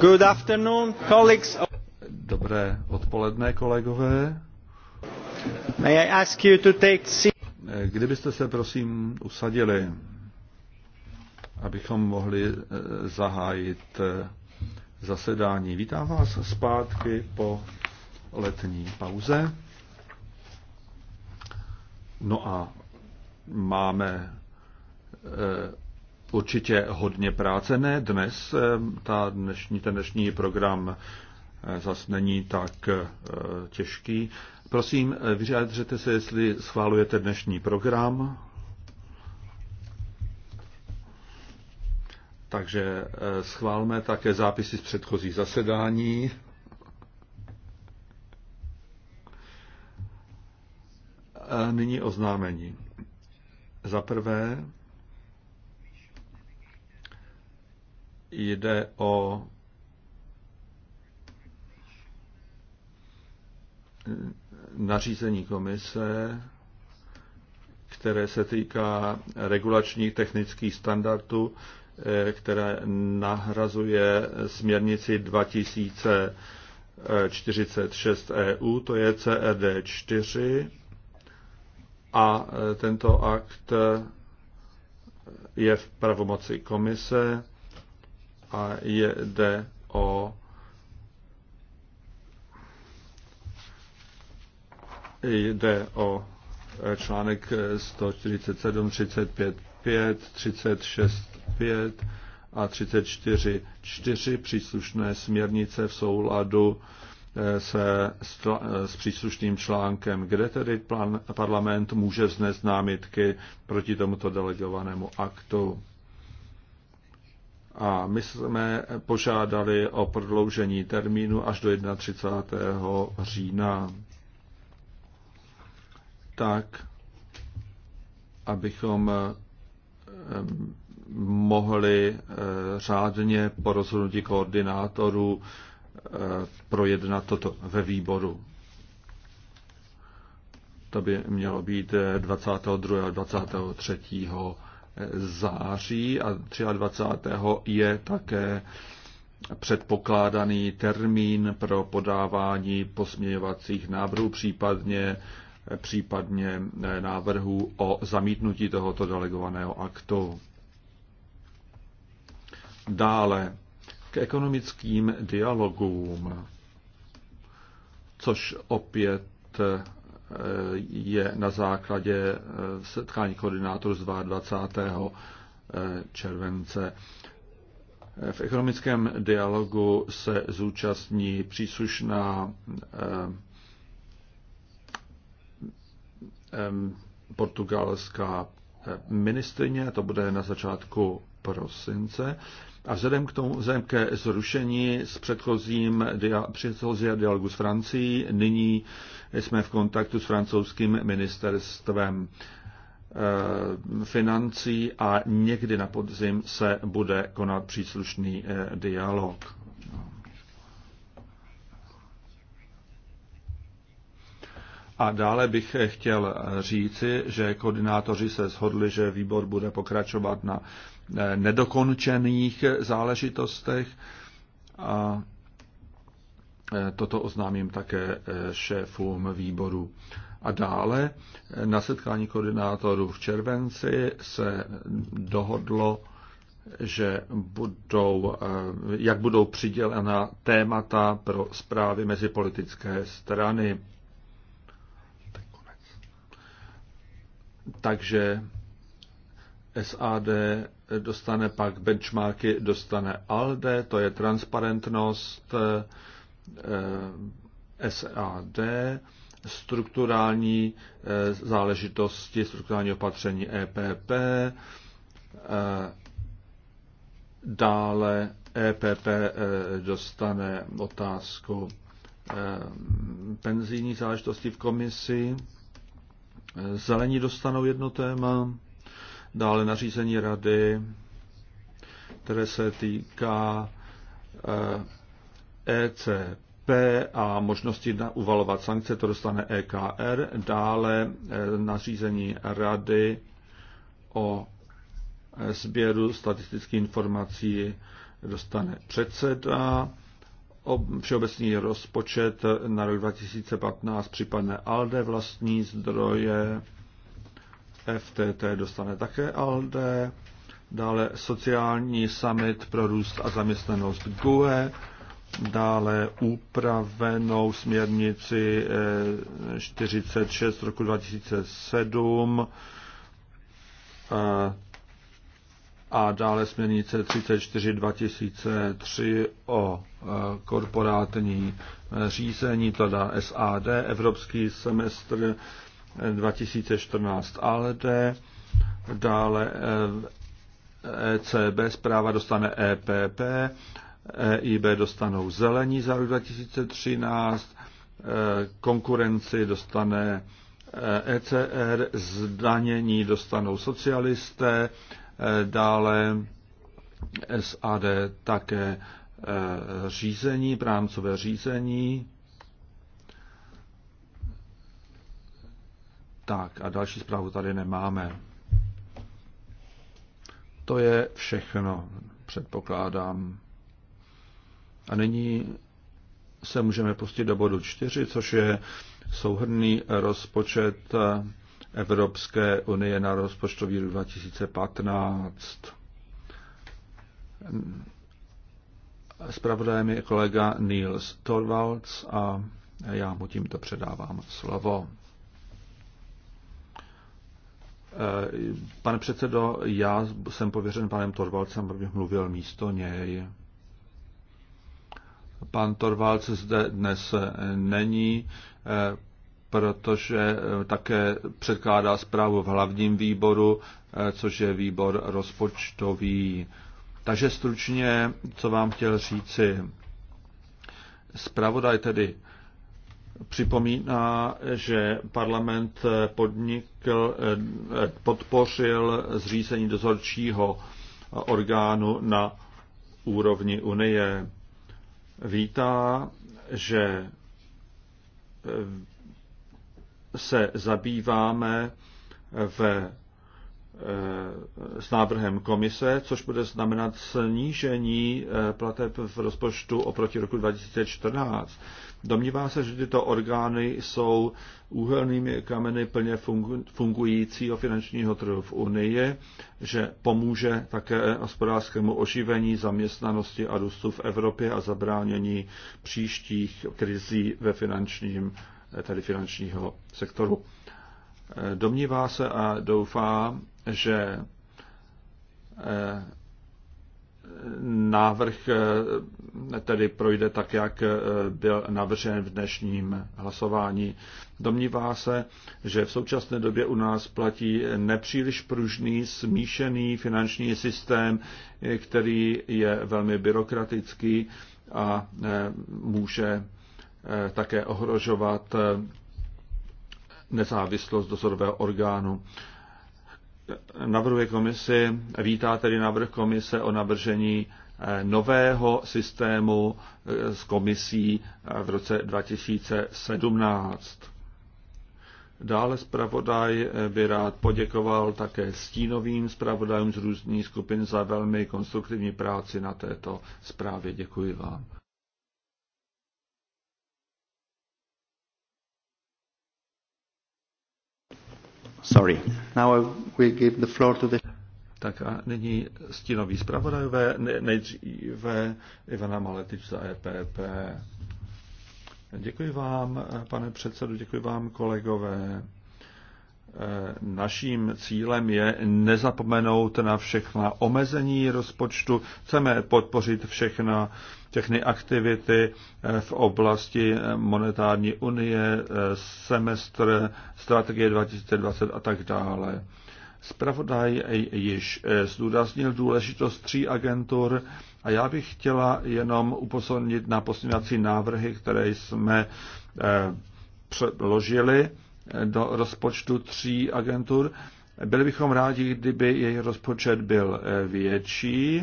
Good afternoon, colleagues. Dobré odpoledne, kolegové. May I ask you to take seat? Kdybyste se prosím usadili, abychom mohli eh, zahájit eh, zasedání. Vítám vás zpátky po letní pauze. No a máme eh, určitě hodně práce. Ne dnes, eh, ta dnešní, ten dnešní program eh, zas není tak eh, těžký. Prosím, vyřádřete se, jestli schválujete dnešní program. Takže schválme také zápisy z předchozí zasedání. Nyní oznámení. Za prvé, jde o nařízení komise, které se týká regulačních technických standardů, eh, které nahrazuje směrnici 2046 EU, to je CRD e 4. A eh, tento akt eh, je v pravomoci komise a jde o jde o článek 147, 35, 5, 36, 5 a 34, 4 příslušné směrnice v souladu eh, se eh, s příslušným článkem, kde tedy plan, parlament může vznést námitky proti tomuto delegovanému aktu a my jsme požádali o prodloužení termínu až do 31. října. Tak, abychom eh, mohli eh, řádně po rozhodnutí koordinátorů eh, projednat toto ve výboru. To by mělo být 22. a 23 září a 23. je také předpokládaný termín pro podávání posměňovacích návrhů, případně, případně eh, návrhů o zamítnutí tohoto delegovaného aktu. Dále k ekonomickým dialogům, což opět eh, je na základě eh, setkání koordinátorů z 22. července. Eh, v ekonomickém dialogu se zúčastní příslušná eh, portugalská ministrině, to bude na začátku prosince. A vzhledem k tomu, vzhledem ke zrušení s předchozím, dia, předchozí dialogu s Francií, nyní jsme v kontaktu s francouzským ministerstvem eh, financí a někdy na podzim se bude konat příslušný eh, dialog. A dále bych eh, chtěl říci, že koordinátoři se shodli, že výbor bude pokračovat na nedokončených záležitostech. A Eh, toto oznámím také eh, šéfům výboru. A dále eh, na setkání koordinátorů v červenci se dohodlo, že budou, jak budou přidělena témata pro zprávy mezi politické strany. Takže SAD dostane pak benchmarky, dostane ALDE, to je transparentnost, Eh, SAD, strukturální eh, záležitosti, strukturální opatření EPP, eh, dále EPP dostane otázku penzijní záležitosti v komisi, zelení dostanou jedno téma, dále nařízení rady, které se týká ECP a možnosti na uvalovat sankce, to dostane EKR, dále e, nařízení rady o e, sběru statistických informací dostane předseda, všeobecný rozpočet na rok 2015 připadne ALDE vlastní zdroje, FTT dostane také ALDE, dále sociální summit pro růst a zaměstnanost GUE, dále upravenou směrnici 46 eh, roku 2007 eh, a dále směrnice 34 2003 o eh, korporátní řízení, teda SAD, Evropský semestr 2014 ALD, dále ECB, e zpráva dostane EPP EIB dostanou zelení za rok 2013, e, konkurenci dostane ECR, e zdanění dostanou socialisté, e, dále SAD také řízení, prámcové řízení. Tak a další zprávu tady nemáme. To je všechno, předpokládám. A nyní se můžeme pustit do bodu 4, což je souhrný rozpočet Evropské unie na rozpočtový rok 2015. Spravodajem je kolega Niels Torvalds a já mu tímto předávám slovo. Eh, pane předsedo, já jsem pověřen panem Torvaldsem, abych mluvil místo něj. Pan Torvalds zde dnes eh, není, eh, protože eh, také předkládá zprávu v hlavním výboru, což je výbor rozpočtový. Takže stručně, co vám chtěl říci. Zpravodaj tedy připomíná, že parlament podnikl, podpořil zřízení dozorčího orgánu na úrovni Unie vítá, že eh, se zabýváme ve Eh, s návrhem komise, což bude znamenat snížení eh, plateb v rozpočtu oproti roku 2014. Domnívá se, že tyto orgány jsou úhelnými kameny plně fungujícího finančního trhu v Unii, že pomůže také hospodářskému oživení, zaměstnanosti a růstu v Evropě a zabránění příštích krizí ve finančním, eh, tedy finančního sektoru. Domnívá se a doufá, že eh, návrh eh, tedy projde tak, jak eh, byl navržen v dnešním hlasování. Domnívá se, že v současné době u nás platí nepříliš pružný, smíšený finanční systém, který je velmi byrokratický a může také ohrožovat nezávislost dozorového orgánu. Navrhuje komisi, vítá tedy návrh komise o navržení eh, nového systému eh, s komisí eh, v roce 2017. Dále zpravodaj by rád poděkoval také stínovým zpravodajům z různých skupin za velmi konstruktivní práci na této zprávě. Děkuji vám. Sorry. Now give the floor to the... Tak a nyní stínový zpravodajové, nejdříve Ivana Maletič za EPP. Děkuji vám, pane předsedu, děkuji vám, kolegové. Naším cílem je nezapomenout na všechna omezení rozpočtu. Chceme podpořit všechna všechny aktivity eh, v oblasti eh, monetární unie, eh, semestr, strategie 2020 a tak dále. Spravodaj již zdůraznil důležitost tří agentur a já bych chtěla jenom upozornit na poslednací návrhy, které jsme předložili do rozpočtu tří agentur. Byli bychom rádi, kdyby jejich rozpočet byl větší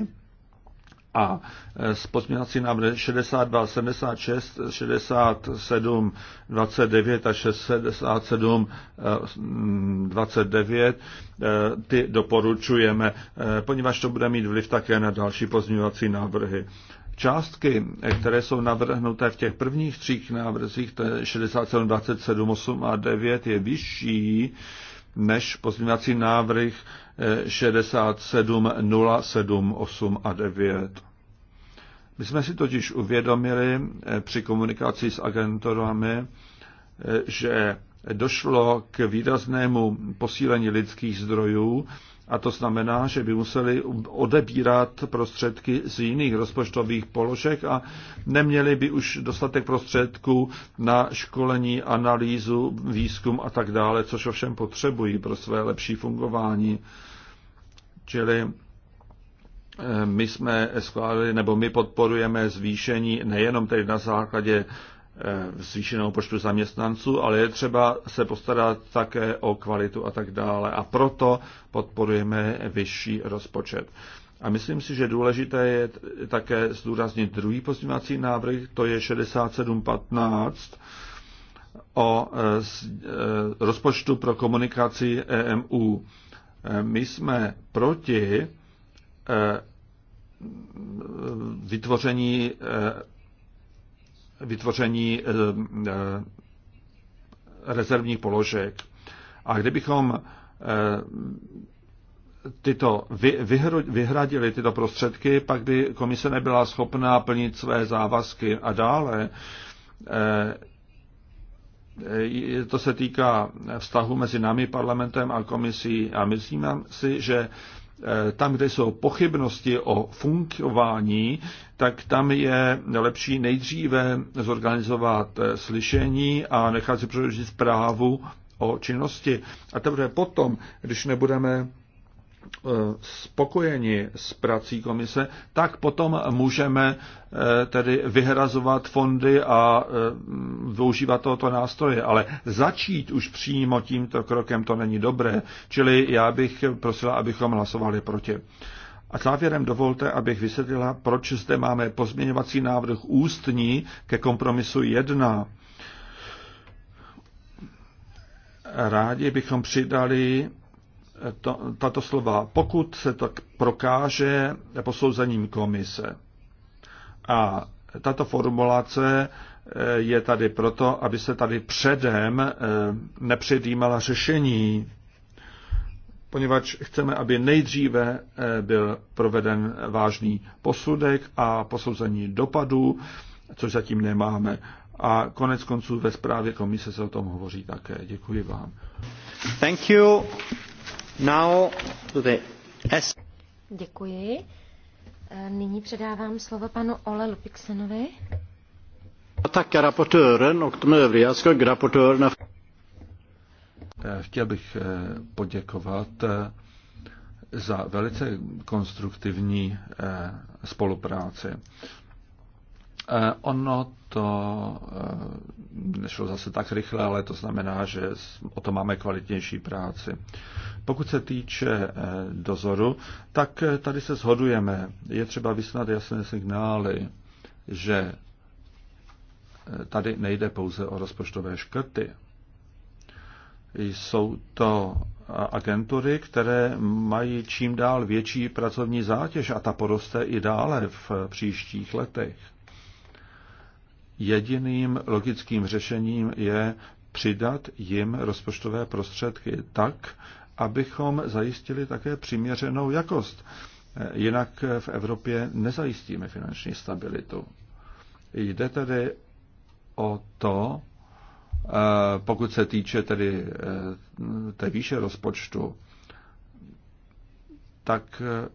a e, s pozměňovací návrhy 62, 76, 67, 29 a 67, 29, e, e, ty doporučujeme, poněvadž to bude mít vliv také na další pozměňovací návrhy. Částky, které jsou navrhnuté v těch prvních třích návrzích, to je 67, 27, 8 a 9, je vyšší než pozměňovací návrh 67, 07, 8 a 9. My jsme si totiž uvědomili eh, při komunikaci s agenturami, eh, že došlo k výraznému posílení lidských zdrojů a to znamená, že by museli odebírat prostředky z jiných rozpočtových položek a neměli by už dostatek prostředků na školení, analýzu, výzkum a tak dále, což ovšem potřebují pro své lepší fungování. Čili eh, my jsme schválili, nebo my podporujeme zvýšení nejenom tedy na základě Eh, zvýšeného počtu zaměstnanců, ale je třeba se postarat také o kvalitu a tak dále. A proto podporujeme vyšší rozpočet. A myslím si, že důležité je také zdůraznit druhý pozměňovací návrh, to je 6715 o eh, eh, rozpočtu pro komunikaci EMU. My jsme proti vytvoření vytvoření eh, eh, rezervních položek. A kdybychom eh, tyto vyhradili tyto prostředky, pak by komise nebyla schopná plnit své závazky a dále. To se týká vztahu mezi námi, parlamentem a komisí a myslím si, že Eh, tam, kde jsou pochybnosti o fungování, tak tam je lepší nejdříve zorganizovat eh, slyšení a nechat si předložit zprávu o činnosti. A teprve potom, když nebudeme spokojeni s prací komise, tak potom můžeme eh, tedy vyhrazovat fondy a eh, využívat tohoto nástroje. Ale začít už přímo tímto krokem to není dobré, čili já bych prosila, abychom hlasovali proti. A závěrem dovolte, abych vysvětlila, proč zde máme pozměňovací návrh ústní ke kompromisu 1. Rádi bychom přidali to, tato slova, pokud se tak prokáže posouzením komise. A tato formulace eh, je tady proto, aby se tady předem eh, nepředjímala řešení, poněvadž chceme, aby nejdříve eh, byl proveden vážný posudek a posouzení dopadů, což zatím nemáme. A konec konců ve zprávě komise se o tom hovoří také. Děkuji vám. Thank you. Děkuji. E, nyní předávám slovo panu Ole Lupiksenovi. E, chtěl bych e, poděkovat za velice konstruktivní spolupráci. Eh, ono to eh, nešlo zase tak rychle, ale to znamená, že o to máme kvalitnější práci. Pokud se týče eh, dozoru, tak tady se shodujeme. Je třeba vysnat jasné signály, že tady nejde pouze o rozpočtové škrty. Jsou to agentury, které mají čím dál větší pracovní zátěž a ta poroste i dále v příštích letech jediným logickým řešením je přidat jim rozpočtové prostředky tak, abychom zajistili také přiměřenou jakost. Jinak v Evropě nezajistíme finanční stabilitu. Jde tedy o to, eh, pokud se týče tedy eh, té výše rozpočtu, tak eh,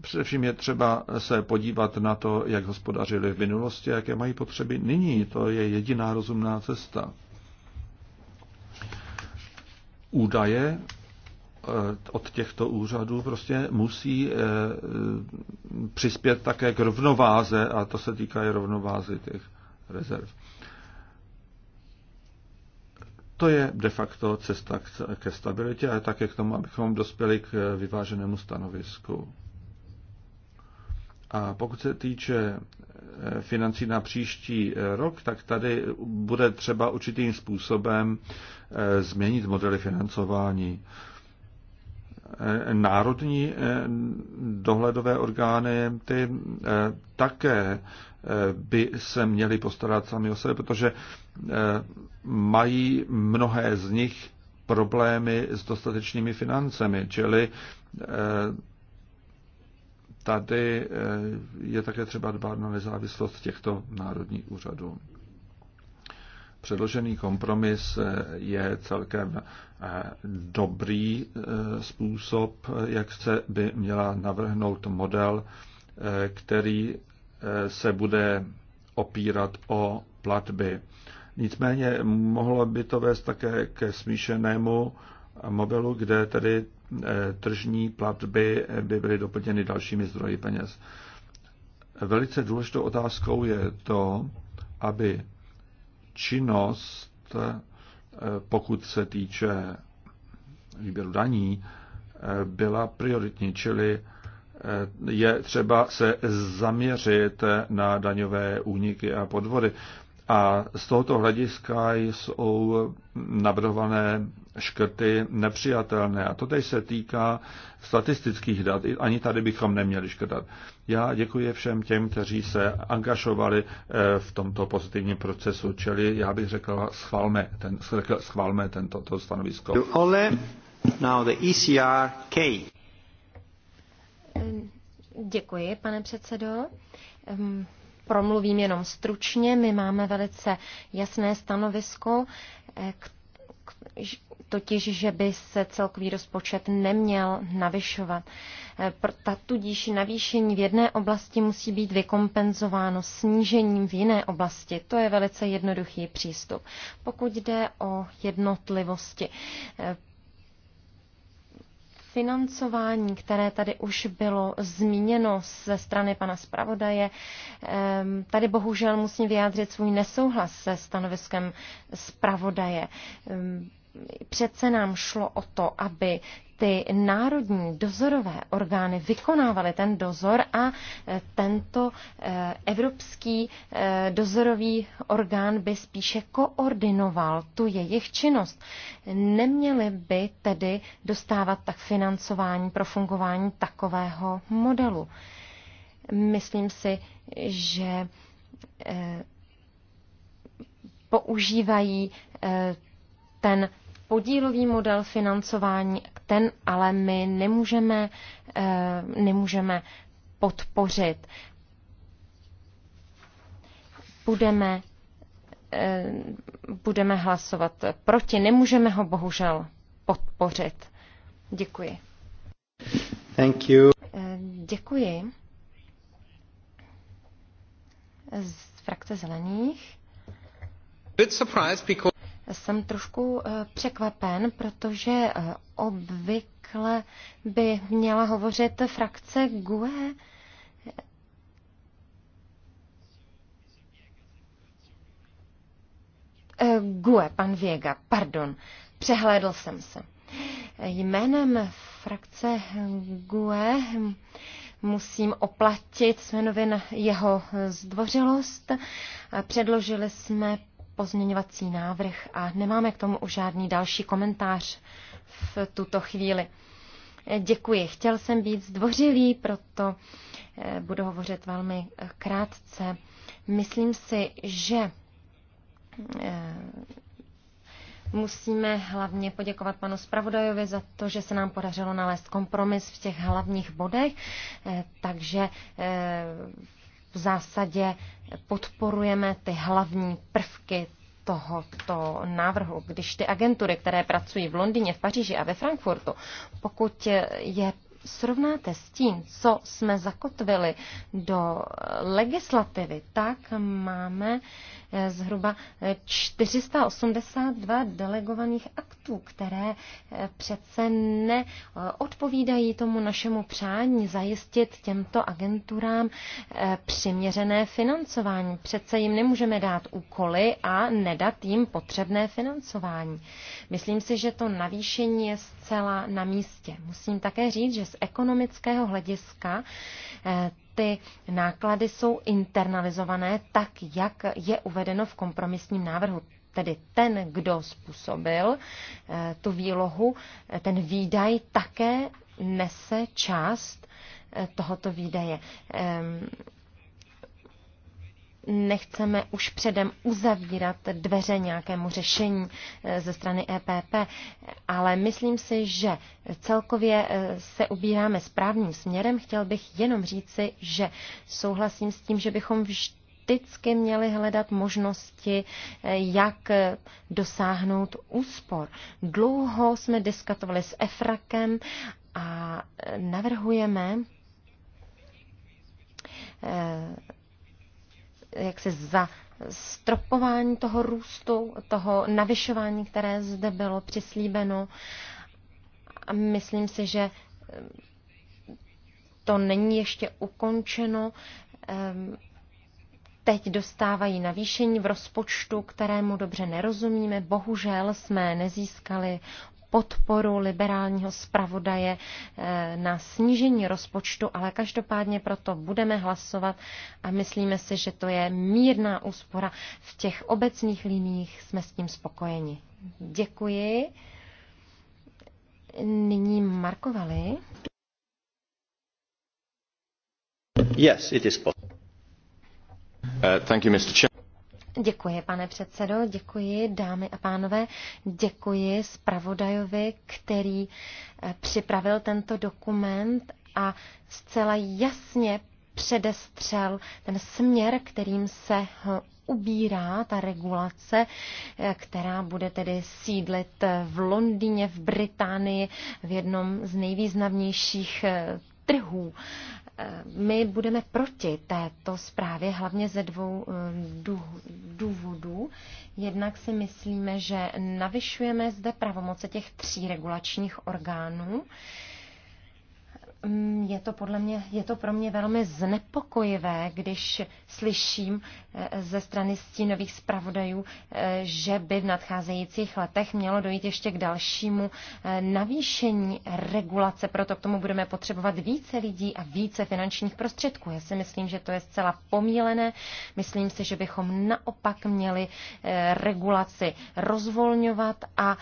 Především je třeba se podívat na to, jak hospodařili v minulosti, jaké mají potřeby nyní. To je jediná rozumná cesta. Údaje eh, od těchto úřadů prostě musí eh, přispět také k rovnováze, a to se týká i rovnovázy těch rezerv. To je de facto cesta ke stabilitě, a také k tomu, abychom dospěli k vyváženému stanovisku. A pokud se týče eh, financí na příští eh, rok, tak tady bude třeba určitým způsobem eh, změnit modely financování. Národní dohledové orgány ty také by se měly postarat sami o sebe, protože mají mnohé z nich problémy s dostatečnými financemi, čili tady eh, je také třeba dbát na nezávislost těchto národních úřadů. Předložený kompromis eh, je celkem eh, dobrý způsob, jak se by měla navrhnout model, který se bude opírat o platby. Nicméně mohlo by to vést také ke smíšenému mobilu, kde tedy eh, tržní platby eh, by byly doplněny dalšími zdroji peněz. Velice důležitou otázkou je to, aby činnost, eh, pokud se týče výběru daní, byla prioritní, čili je třeba se zaměřit na daňové úniky a podvody. A z tohoto hlediska jsou navrhované škrty nepřijatelné. A to teď se týká statistických dat. Ani tady bychom neměli škrtat. Já děkuji všem těm, kteří se angažovali eh, v tomto pozitivním procesu, čili já bych řekl, schválme, ten, řekl, schválme tento to stanovisko. Ole, now the ECR K. Děkuji, pane předsedo. Ehm, promluvím jenom stručně. My máme velice jasné stanovisko, eh, k, k, totiž, že by se celkový rozpočet neměl navyšovat. Eh, ta tudíž navýšení v jedné oblasti musí být vykompenzováno snížením v jiné oblasti. To je velice jednoduchý přístup. Pokud jde o jednotlivosti, eh, financování, které tady už bylo zmíněno ze strany pana zpravodaje, ehm, tady bohužel musím vyjádřit svůj nesouhlas se stanoviskem zpravodaje. Ehm, přece nám šlo o to, aby ty národní dozorové orgány vykonávaly ten dozor a e, tento e, evropský e, dozorový orgán by spíše koordinoval tu jejich činnost. Neměli by tedy dostávat tak financování pro fungování takového modelu. Myslím si, že používají ten podílový model financování, ten ale my nemůžeme, eh, nemůžeme podpořit. Budeme, eh, budeme hlasovat proti, nemůžeme ho bohužel podpořit. Děkuji. Thank you. Eh, děkuji. Z frakce zelených. Bit surprised because jsem trošku eh, překvapen, protože eh, obvykle by měla hovořit frakce GUE. Eh, GUE, pan Věga, pardon, přehlédl jsem se. Jménem frakce GUE musím oplatit Svenovi jeho zdvořilost. Předložili jsme pozměňovací návrh a nemáme k tomu už žádný další komentář v tuto chvíli. Děkuji. Chtěl jsem být zdvořilý, proto eh, budu hovořit velmi eh, krátce. Myslím si, že eh, musíme hlavně poděkovat panu Spravodajovi za to, že se nám podařilo nalézt kompromis v těch hlavních bodech, takže v zásadě podporujeme ty hlavní prvky tohoto návrhu, když ty agentury, které pracují v Londýně, v Paříži a ve Frankfurtu, pokud je srovnáte s tím, co jsme zakotvili do legislativy, tak máme uh, zhruba 482 delegovaných aktů, které eh, přece neodpovídají eh, tomu našemu přání zajistit těmto agenturám eh, přiměřené financování. Přece jim nemůžeme dát úkoly a nedat jim potřebné financování. Myslím si, že to navýšení je zcela na místě. Musím také říct, že z ekonomického hlediska ty náklady jsou internalizované tak, jak je uvedeno v kompromisním návrhu. Tedy ten, kdo způsobil eh, tu výlohu, eh, ten výdaj také nese část eh, tohoto výdaje. Ehm, nechceme už předem uzavírat dveře nějakému řešení eh, ze strany EPP, ale myslím si, že celkově eh, se ubíráme správným směrem. Chtěl bych jenom říci, že souhlasím s tím, že bychom vždy vždycky měli hledat možnosti, eh, jak dosáhnout úspor. Dlouho jsme diskutovali s Efrakem a navrhujeme jaksi za stropování toho růstu, toho navyšování, které zde bylo přislíbeno. A myslím si, že eh, to není ještě ukončeno. Ehm, teď dostávají navýšení v rozpočtu, kterému dobře nerozumíme. Bohužel jsme nezískali podporu liberálního zpravodaje eh, na snížení rozpočtu, ale každopádně proto budeme hlasovat a myslíme si, že to je mírná úspora. V těch obecných liních jsme s tím spokojeni. Děkuji. Nyní Markovali. Yes, it is possible. Uh, thank you, Mr. Chair. Děkuji, pane předsedo, děkuji, dámy a pánové, děkuji zpravodajovi, který eh, připravil tento dokument a zcela jasně předestřel ten směr, kterým se eh, ubírá ta regulace, eh, která bude tedy sídlit v Londýně, v Británii, v jednom z nejvýznamnějších trhů Eh, my budeme proti této zprávě hlavně ze dvou eh, důvodů. Jednak si myslíme, že navyšujeme zde pravomoce těch tří regulačních orgánů, Mm, je to podle mě, je to pro mě velmi znepokojivé, když slyším eh, ze strany stínových zpravodajů, eh, že by v nadcházejících letech mělo dojít ještě k dalšímu eh, navýšení regulace, proto k tomu budeme potřebovat více lidí a více finančních prostředků. Já si myslím, že to je zcela pomílené. Myslím si, že bychom naopak měli regulaci rozvolňovat a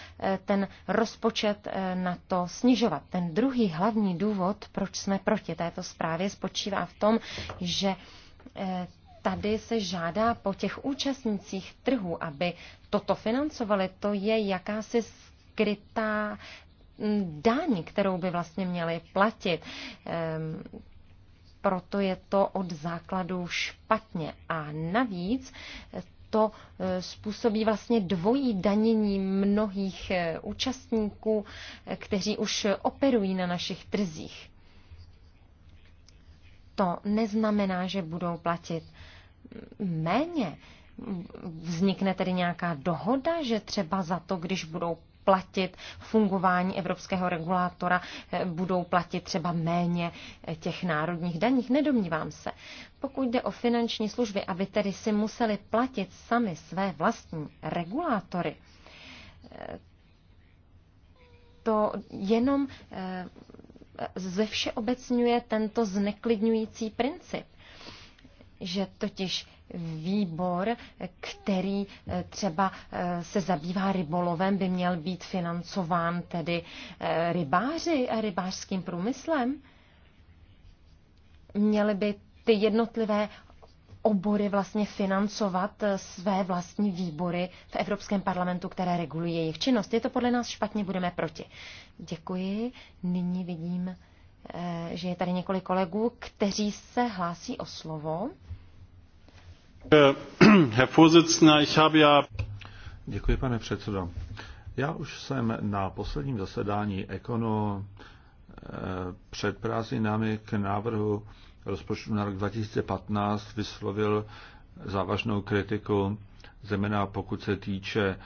ten rozpočet na to snižovat. Ten druhý hlavní důvod, proč jsme proti této zprávě, spočívá v tom, že eh, tady se žádá po těch účastnících trhu, aby toto financovali. To je jakási skrytá mm, daň, kterou by vlastně měli platit. Ehm, proto je to od základu špatně. A navíc eh, to eh, způsobí vlastně dvojí danění mnohých účastníků, kteří už operují na našich trzích to neznamená, že budou platit méně. Vznikne tedy nějaká dohoda, že třeba za to, když budou platit fungování evropského regulátora, eh, budou platit třeba méně eh, těch národních daních. Nedomnívám se. Pokud jde o finanční služby, aby tedy si museli platit sami své vlastní regulátory, eh, to jenom ze všeobecňuje tento zneklidňující princip, že totiž výbor, který eh, třeba eh, se zabývá rybolovem, by měl být financován tedy eh, rybáři a rybářským průmyslem. Měly by ty jednotlivé obory vlastně financovat eh, své vlastní výbory v Evropském parlamentu, které regulují jejich činnost. Je to podle nás špatně, budeme proti. Děkuji. Nyní vidím, eh, že je tady několik kolegů, kteří se hlásí o slovo. Eh, Herr Vorsitzender, ich habe ja... Děkuji, pane předsedo. Já už jsem na posledním zasedání Ekono před prázdninami k návrhu rozpočtu na rok 2015 vyslovil závažnou kritiku, zejména pokud se týče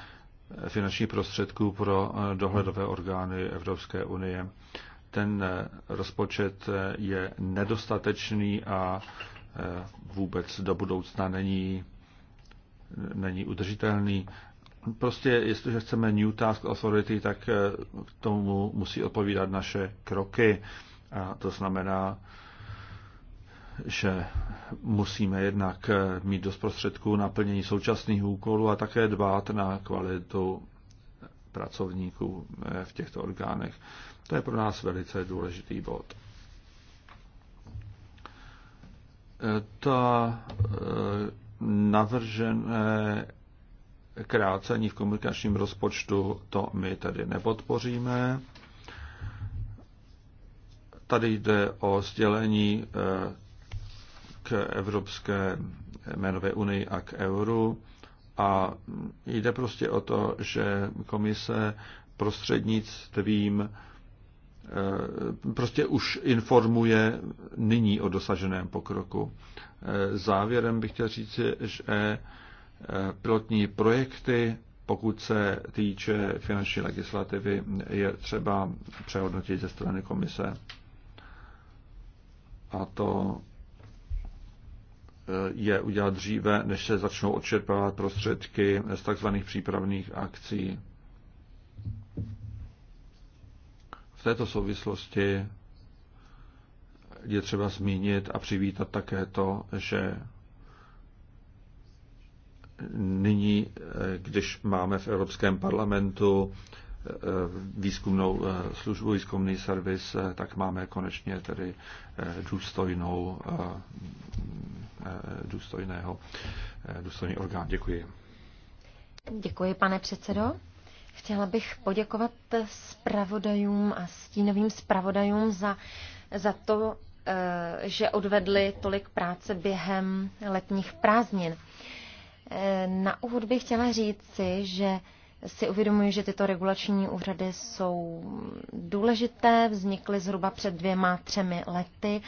finančních prostředků pro dohledové orgány Evropské unie. Ten rozpočet je nedostatečný a vůbec do budoucna není, není udržitelný. Prostě, jestliže chceme New Task Authority, tak k tomu musí odpovídat naše kroky. A to znamená, že musíme jednak mít dost prostředků na plnění současných úkolů a také dbát na kvalitu pracovníků eh, v těchto orgánech. To je pro nás velice důležitý bod. Eh, ta eh, navržené krácení v komunikačním rozpočtu, to my tedy nepodpoříme. Tady jde o sdělení Evropské jménové unii a k euru. A jde prostě o to, že komise prostřednictvím eh, prostě už informuje nyní o dosaženém pokroku. Eh, závěrem bych chtěl říct, že eh, pilotní projekty, pokud se týče finanční legislativy, je třeba přehodnotit ze strany komise. A to Eh, je udělat dříve, než se začnou odčerpávat prostředky z tzv. přípravných akcí. V této souvislosti je třeba zmínit a přivítat také to, že nyní, eh, když máme v Evropském parlamentu eh, výzkumnou službu, výzkumný servis, tak máme konečně tedy důstojnou Eh, důstojného, eh, důstojný orgán. Děkuji. Děkuji, pane předsedo. Chtěla bych poděkovat spravodajům a stínovým spravodajům za, za to, eh, že odvedli tolik práce během letních prázdnin. Na úvod bych chtěla říci, že si uvědomuji, že tyto regulační úřady jsou důležité, vznikly zhruba před dvěma, třemi lety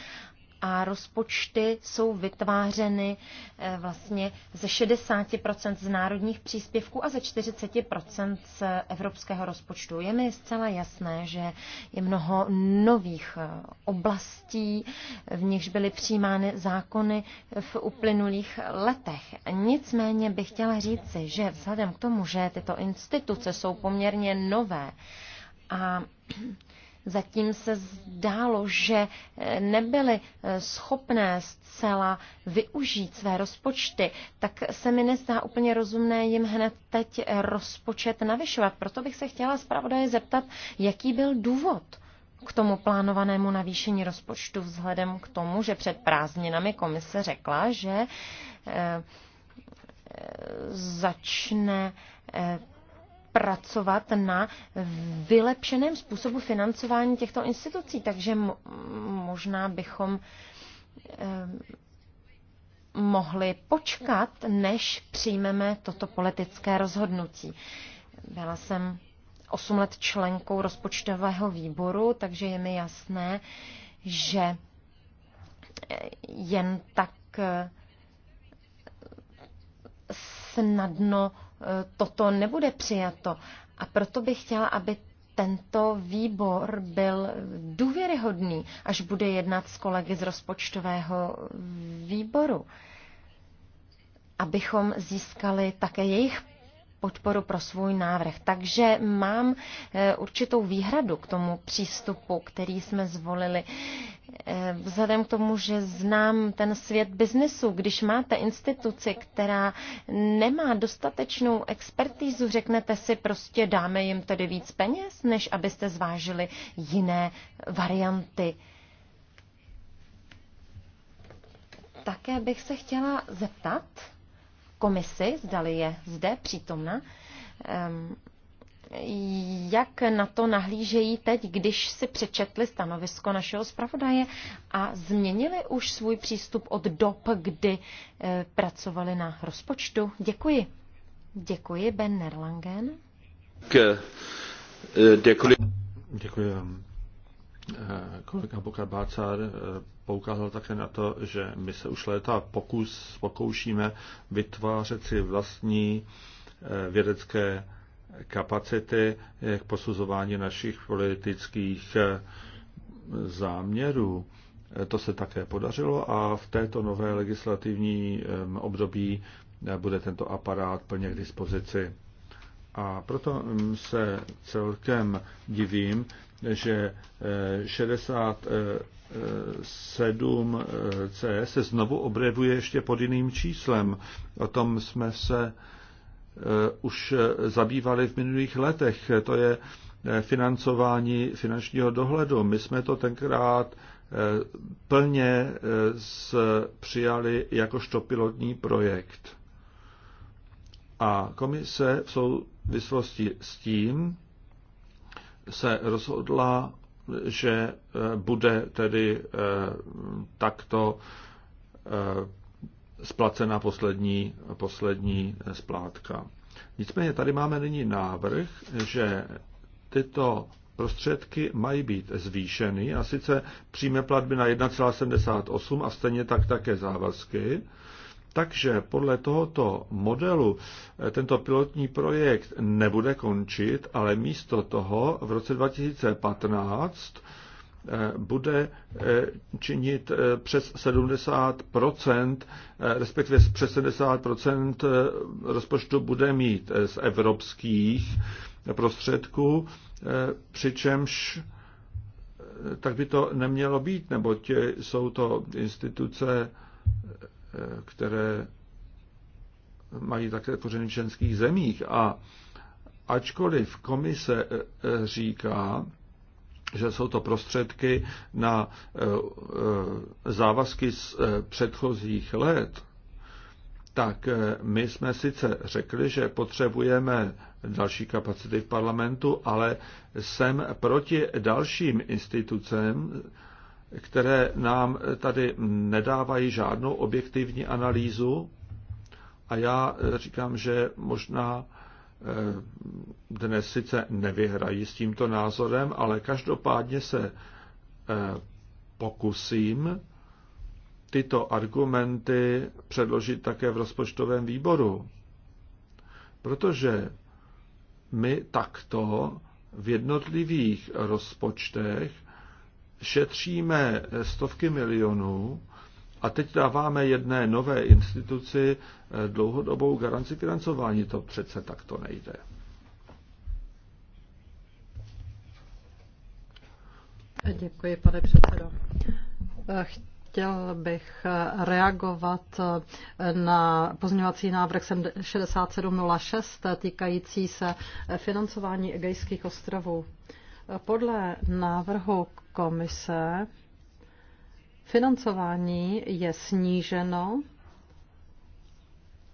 a rozpočty jsou vytvářeny eh, vlastně ze 60% z národních příspěvků a ze 40% z evropského rozpočtu. Je mi zcela jasné, že je mnoho nových eh, oblastí, v nichž byly přijímány zákony v uplynulých letech. Nicméně bych chtěla říci, že vzhledem k tomu, že tyto instituce jsou poměrně nové a Zatím se zdálo, že eh, nebyly eh, schopné zcela využít své rozpočty, tak se mi nezdá úplně rozumné jim hned teď rozpočet navyšovat. Proto bych se chtěla zpravodaje zeptat, jaký byl důvod k tomu plánovanému navýšení rozpočtu vzhledem k tomu, že před prázdninami komise řekla, že eh, začne pracovat na vylepšeném způsobu financování těchto institucí. Takže možná bychom eh, mohli počkat, než přijmeme toto politické rozhodnutí. Byla jsem 8 let členkou rozpočtového výboru, takže je mi jasné, že eh, jen tak eh, snadno Eh, toto nebude přijato. A proto bych chtěla, aby tento výbor byl důvěryhodný, až bude jednat s kolegy z rozpočtového výboru, abychom získali také jejich podporu pro svůj návrh. Takže mám eh, určitou výhradu k tomu přístupu, který jsme zvolili. Eh, vzhledem k tomu, že znám ten svět biznesu, když máte instituci, která nemá dostatečnou expertízu, řeknete si prostě dáme jim tedy víc peněz, než abyste zvážili jiné varianty. Také bych se chtěla zeptat, komisi, zdali je zde přítomna. Ehm, jak na to nahlížejí teď, když si přečetli stanovisko našeho zpravodaje a změnili už svůj přístup od dob, kdy eh, pracovali na rozpočtu? Děkuji. Děkuji, Ben Nerlangen. Děkuji vám. Eh, kolega Bokabácar eh, poukázal také na to, že my se už léta pokus, pokoušíme vytvářet si vlastní eh, vědecké kapacity k posuzování našich politických záměrů. To se také podařilo a v této nové legislativní období bude tento aparát plně k dispozici. A proto mm, se celkem divím, že 67 eh, eh, eh, C se znovu objevuje ještě pod jiným číslem. O tom jsme se už zabývali v minulých letech. To je financování finančního dohledu. My jsme to tenkrát plně přijali jakožto pilotní projekt. A komise v vyslosti s tím se rozhodla, že e, bude tedy e, takto e, splacena poslední, poslední splátka. Nicméně tady máme nyní návrh, že tyto prostředky mají být zvýšeny, a sice přijme platby na 1,78 a stejně tak také závazky, takže podle tohoto modelu eh, tento pilotní projekt nebude končit, ale místo toho v roce 2015 eh, bude eh, činit přes 70 respektive přes 70 rozpočtu bude mít z evropských prostředků, přičemž tak by to nemělo být, neboť jsou to instituce které mají také kořeny v členských zemích. A ačkoliv komise e, e, říká, že jsou to prostředky na e, závazky z předchozích let, tak my jsme sice řekli, že potřebujeme další kapacity v parlamentu, ale jsem proti dalším institucem, které nám tady nedávají žádnou objektivní analýzu. A já eh, říkám, že možná eh, dnes sice nevyhrají s tímto názorem, ale každopádně se eh, pokusím tyto argumenty předložit také v rozpočtovém výboru. Protože my takto v jednotlivých rozpočtech šetříme stovky milionů a teď dáváme jedné nové instituci eh, dlouhodobou garanci financování. To přece takto nejde. Děkuji, pane předsedo. Chtěl bych reagovat na pozměňovací návrh 6706 týkající se financování Egejských ostrovů. Podle návrhu komise financování je sníženo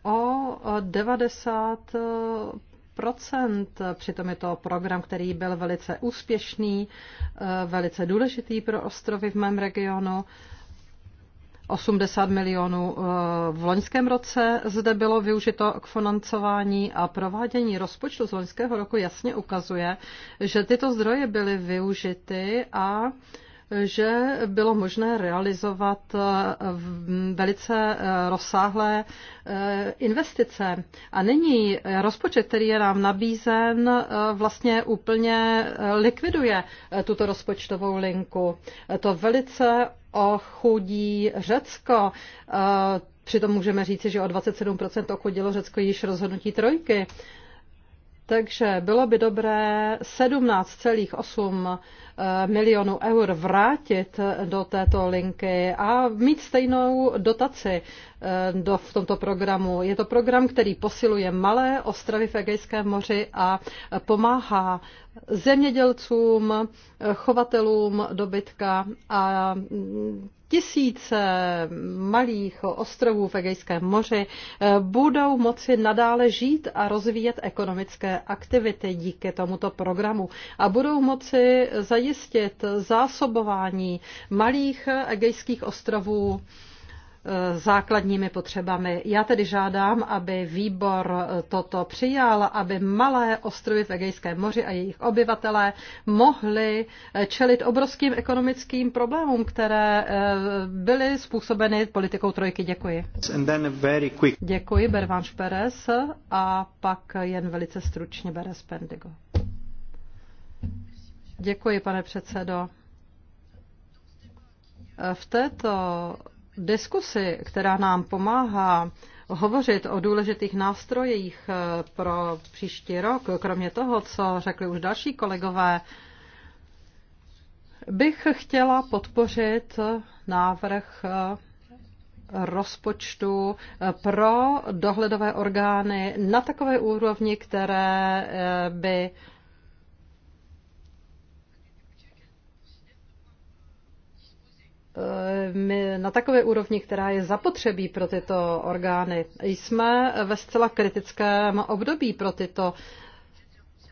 o 90 Přitom je to program, který byl velice úspěšný, velice důležitý pro ostrovy v mém regionu 80 milionů eh, v loňském roce zde bylo využito k financování a provádění rozpočtu z loňského roku jasně ukazuje, že tyto zdroje byly využity a že bylo možné realizovat eh, velice eh, rozsáhlé investice. A nyní rozpočet, který je nám nabízen, vlastně úplně likviduje tuto rozpočtovou linku. To velice O chudí Řecko. Eh, přitom můžeme říci, že o 27% ochudilo Řecko již rozhodnutí trojky. Takže bylo by dobré 17,8 eh, milionů eur vrátit do této linky a mít stejnou dotaci eh, do, v tomto programu. Je to program, který posiluje malé ostrovy v Egejském moři a pomáhá zemědělcům, eh, chovatelům dobytka a mm, tisíce malých ostrovů v Egejském moři eh, budou moci nadále žít a rozvíjet ekonomické aktivity díky tomuto programu a budou moci zajistit zásobování malých egejských ostrovů Eh, základními potřebami. Já tedy žádám, aby výbor toto přijal, aby malé ostrovy v Egejském moři a jejich obyvatelé mohli eh, čelit obrovským ekonomickým problémům, které eh, byly způsobeny politikou trojky. Děkuji. Děkuji, Bervanš Perez a pak jen velice stručně Beres Pendigo. Děkuji, pane předsedo. V této diskusi, která nám pomáhá hovořit o důležitých nástrojích eh, pro příští rok, kromě toho, co řekli už další kolegové, bych chtěla podpořit návrh eh, rozpočtu eh, pro dohledové orgány na takové úrovni, které by Eh, na takové úrovni, která je zapotřebí pro tyto orgány. Jsme ve zcela kritickém období pro tyto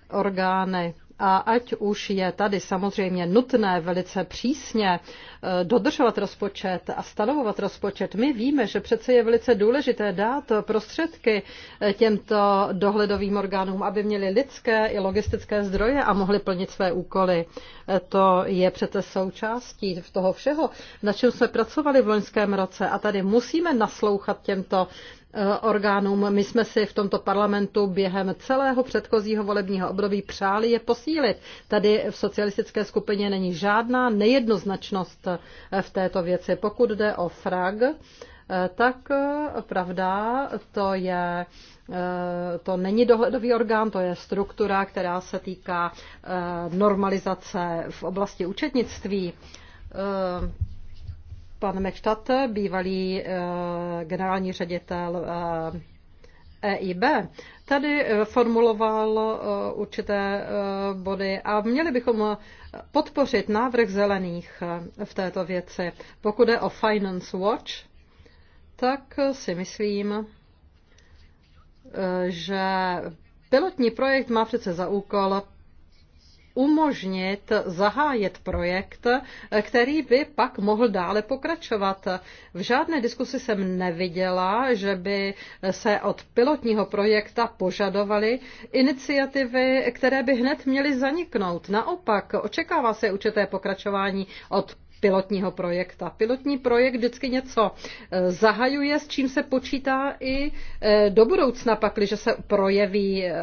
orgány. A ať už je tady samozřejmě nutné velice přísně eh, dodržovat rozpočet a stanovovat rozpočet, my víme, že přece je velice důležité dát prostředky eh, těmto dohledovým orgánům, aby měli lidské i logistické zdroje a mohli plnit své úkoly. Eh, to je přece součástí toho všeho, na čem jsme pracovali v loňském roce. A tady musíme naslouchat těmto Eh, orgánům. My jsme si v tomto parlamentu během celého předchozího volebního období přáli je posílit. Tady v socialistické skupině není žádná nejednoznačnost eh, v této věci. Pokud jde o frag, eh, tak pravda, to je to není dohledový orgán, to je struktura, která se týká normalizace v oblasti účetnictví pan Mechtat, bývalý eh, generální ředitel EIB, eh, e tady eh, formuloval určité body a měli bychom podpořit návrh zelených v této věci. Pokud je o Finance Watch, tak si myslím, že pilotní projekt má přece za úkol umožnit zahájet projekt, který by pak mohl dále pokračovat. V žádné diskusi jsem neviděla, že by se od pilotního projekta požadovaly iniciativy, které by hned měly zaniknout. Naopak, očekává se určité pokračování od pilotního projekta. Pilotní projekt vždycky něco eh, zahajuje, s čím se počítá i eh, do budoucna, pakliže se projeví eh,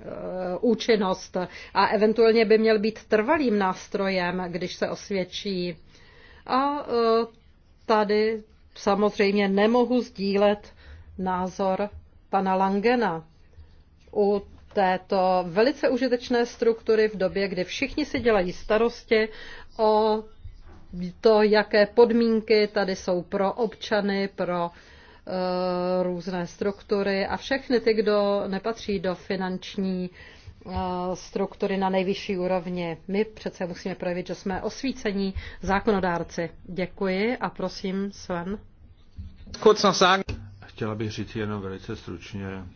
Eh, účinnost a eventuálně by měl být trvalým nástrojem, když se osvědčí. A eh, tady samozřejmě nemohu sdílet názor pana Langena u této velice užitečné struktury v době, kdy všichni si dělají starosti o to, jaké podmínky tady jsou pro občany, pro uh, Eh, různé struktury a všechny ty, kdo nepatří do finanční eh, struktury na nejvyšší úrovni. My přece musíme projevit, že jsme osvícení zákonodárci. Děkuji a prosím, Sven. Chtěla bych říct jenom velice stručně,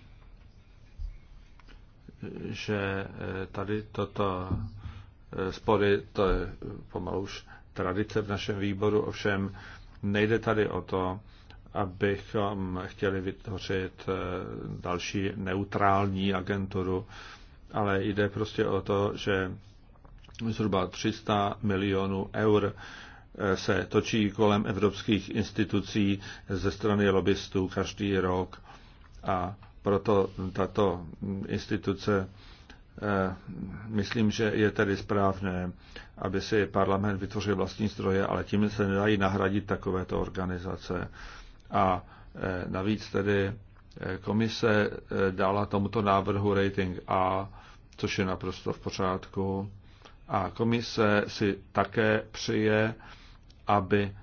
že eh, tady toto spory, to je pomalu už tradice v našem výboru, ovšem nejde tady o to, abychom chtěli vytvořit eh, další neutrální agenturu, ale jde prostě o to, že zhruba 300 milionů eur eh, se točí kolem evropských institucí ze strany lobbystů každý rok a proto tato instituce eh, myslím, že je tedy správné, aby si parlament vytvořil vlastní zdroje, ale tím se nedají nahradit takovéto organizace. A e, navíc tedy e, komise e, dala tomuto návrhu rating A, což je naprosto v pořádku. A komise si také přeje, aby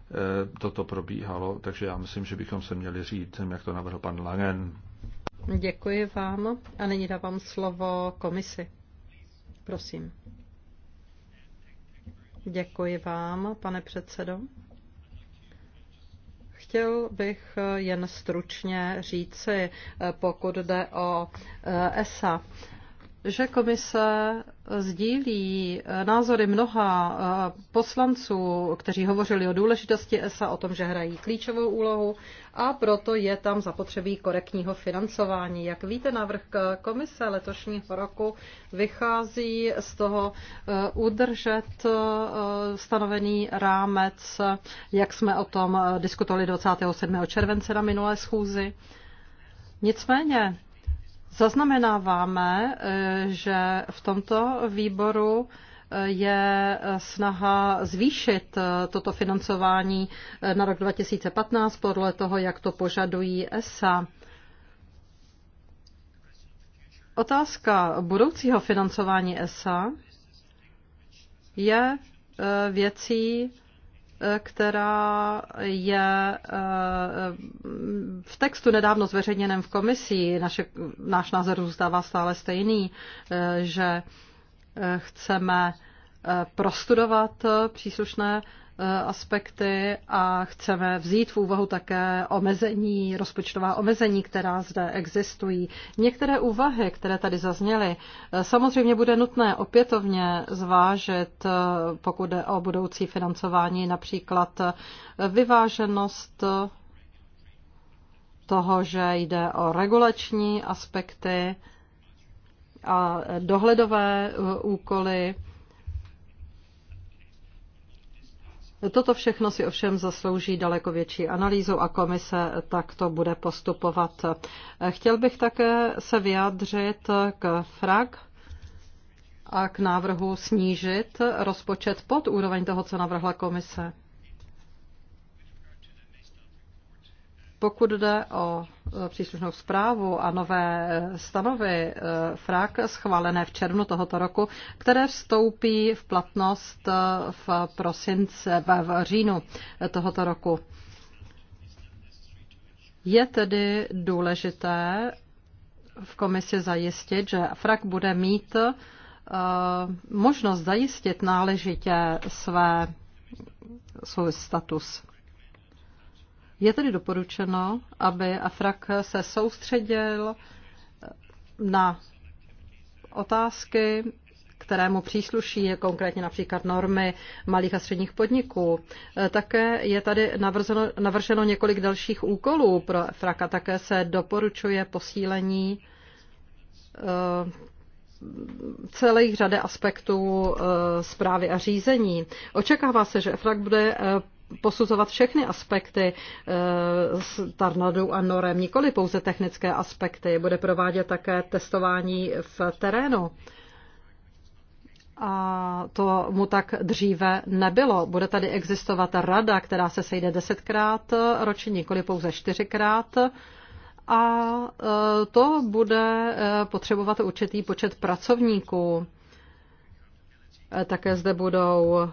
toto probíhalo, takže já myslím, že bychom se měli říct, jak to navrhl pan Langen. Děkuji vám a nyní dávám slovo komisi. Prosím. Děkuji vám, pane předsedo. Chtěl bych eh, jen stručně říci, eh, pokud jde o eh, ESA že komise sdílí eh, názory mnoha eh, poslanců, kteří hovořili o důležitosti ESA, o tom, že hrají klíčovou úlohu a proto je tam zapotřebí korektního financování. Jak víte, návrh komise letošního roku vychází z toho eh, udržet stanovený rámec, jak jsme o tom diskutovali 27. července na minulé schůzi. Nicméně Zaznamenáváme, eh, že v tomto výboru eh, je eh, snaha zvýšit toto financování na rok 2015 podle toho, jak to požadují ESA. Otázka budoucího financování ESA je věcí, která je eh, v textu nedávno zveřejněném v komisí. Naše, náš názor zůstává stále stejný, eh, že eh, chceme prostudovat příslušné Eh, aspekty a chceme vzít v úvahu také omezení, rozpočtová omezení, která zde existují. Některé úvahy, které tady zazněly, eh, samozřejmě bude nutné opětovně zvážit, eh, pokud jde o budoucí financování, například vyváženost toho, že jde o regulační aspekty a dohledové úkoly Toto všechno si ovšem zaslouží daleko větší analýzu a komise takto bude postupovat. Chtěl bych také se vyjádřit k FRAG a k návrhu snížit rozpočet pod úroveň toho, co navrhla komise. Pokud jde o e, příslušnou zprávu a nové e, stanovy e, FRAK schválené v červnu tohoto roku, které vstoupí v platnost v prosince, v říjnu tohoto roku. Je tedy důležité v komisi zajistit, že FRAK bude mít možnost zajistit náležitě své, svůj status. Je tedy doporučeno, aby Afrak se soustředil na otázky, kterému přísluší konkrétně například normy malých a středních podniků. Také je tady navrženo, navrženo několik dalších úkolů pro AfraK a také se doporučuje posílení eh, celých řady aspektů eh, zprávy a řízení. Očekává se, že Efrak bude eh, posuzovat všechny aspekty eh, s Tarnadu a Norem, nikoli pouze technické aspekty. Bude provádět také testování v terénu. A to mu tak dříve nebylo. Bude tady existovat rada, která se sejde desetkrát ročně, nikoli pouze čtyřikrát. A eh, to bude eh, potřebovat určitý počet pracovníků Eh, také zde budou eh,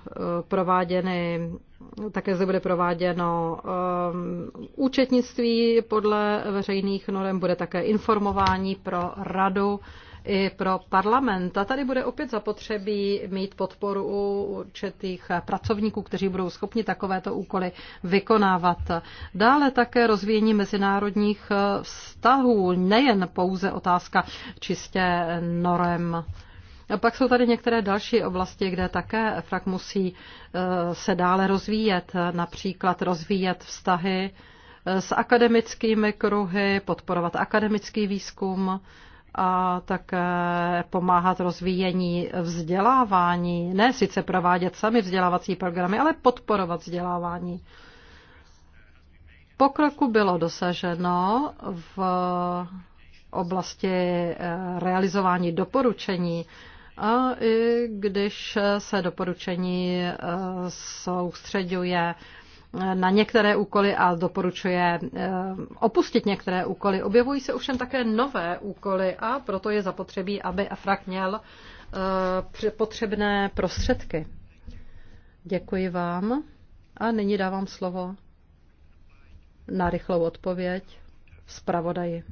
prováděny, také zde bude prováděno eh, účetnictví podle veřejných norem, bude také informování pro radu i pro parlament. A tady bude opět zapotřebí mít podporu u určitých pracovníků, kteří budou schopni takovéto úkoly vykonávat. Dále také rozvíjení mezinárodních vztahů, nejen pouze otázka čistě norem a pak jsou tady některé další oblasti, kde také frak musí e, se dále rozvíjet, například rozvíjet vztahy e, s akademickými kruhy, podporovat akademický výzkum a také pomáhat rozvíjení vzdělávání. Ne sice provádět sami vzdělávací programy, ale podporovat vzdělávání. Pokroku bylo dosaženo v oblasti e, realizování doporučení a i když se doporučení eh, soustředuje na některé úkoly a doporučuje eh, opustit některé úkoly. Objevují se ovšem také nové úkoly a proto je zapotřebí, aby Afrak měl eh, potřebné prostředky. Děkuji vám a nyní dávám slovo na rychlou odpověď zpravodaji.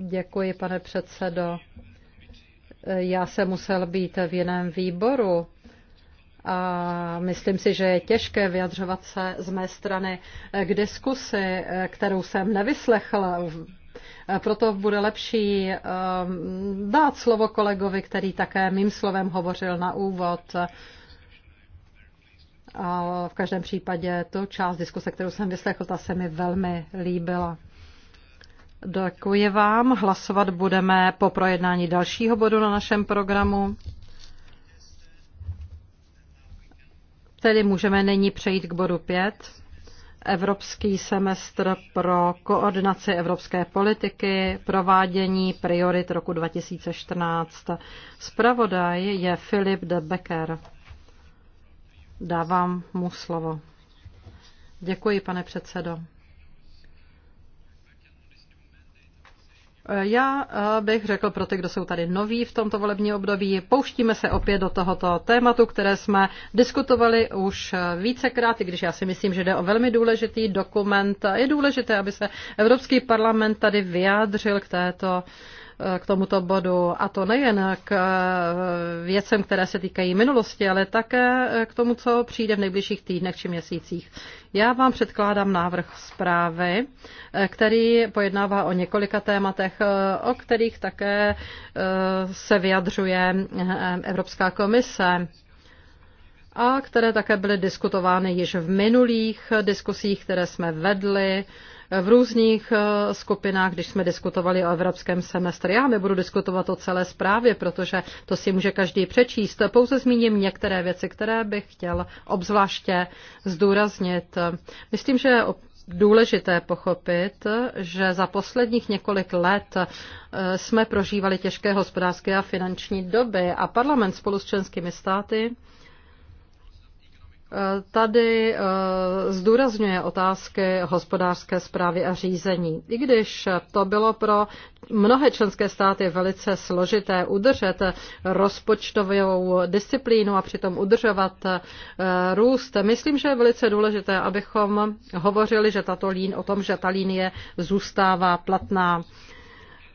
Děkuji, pane předsedo. Já jsem musel být v jiném výboru a myslím si, že je těžké vyjadřovat se z mé strany k diskusi, kterou jsem nevyslechl. Proto bude lepší um, dát slovo kolegovi, který také mým slovem hovořil na úvod. A v každém případě to část diskuse, kterou jsem vyslechl, ta se mi velmi líbila. Děkuji vám. Hlasovat budeme po projednání dalšího bodu na našem programu. Tedy můžeme nyní přejít k bodu 5. Evropský semestr pro koordinaci evropské politiky, provádění priorit roku 2014. Spravodaj je Filip de Becker. Dávám mu slovo. Děkuji, pane předsedo. Já eh, bych řekl pro ty, kdo jsou tady noví v tomto volební období, pouštíme se opět do tohoto tématu, které jsme diskutovali už eh, vícekrát, i když já si myslím, že jde o velmi důležitý dokument. Je důležité, aby se Evropský parlament tady vyjádřil k této k tomuto bodu, a to nejen k eh, věcem, které se týkají minulosti, ale také eh, k tomu, co přijde v nejbližších týdnech či měsících. Já vám předkládám návrh zprávy, eh, který pojednává o několika tématech, o kterých také se vyjadřuje Evropská komise a které také byly diskutovány již v minulých diskusích, které jsme vedli v různých eh, skupinách, když jsme diskutovali o evropském semestru. Já nebudu diskutovat o celé zprávě, protože to si může každý přečíst. Pouze zmíním některé věci, které bych chtěl obzvláště zdůraznit. Myslím, že důležité pochopit, že za posledních několik let eh, jsme prožívali těžké hospodářské a finanční doby a parlament spolu s členskými státy tady eh, zdůrazňuje otázky hospodářské zprávy a řízení. I když to bylo pro mnohé členské státy velice složité udržet rozpočtovou disciplínu a přitom udržovat eh, růst, myslím, že je velice důležité, abychom hovořili, že tato lín, o tom, že ta linie zůstává platná.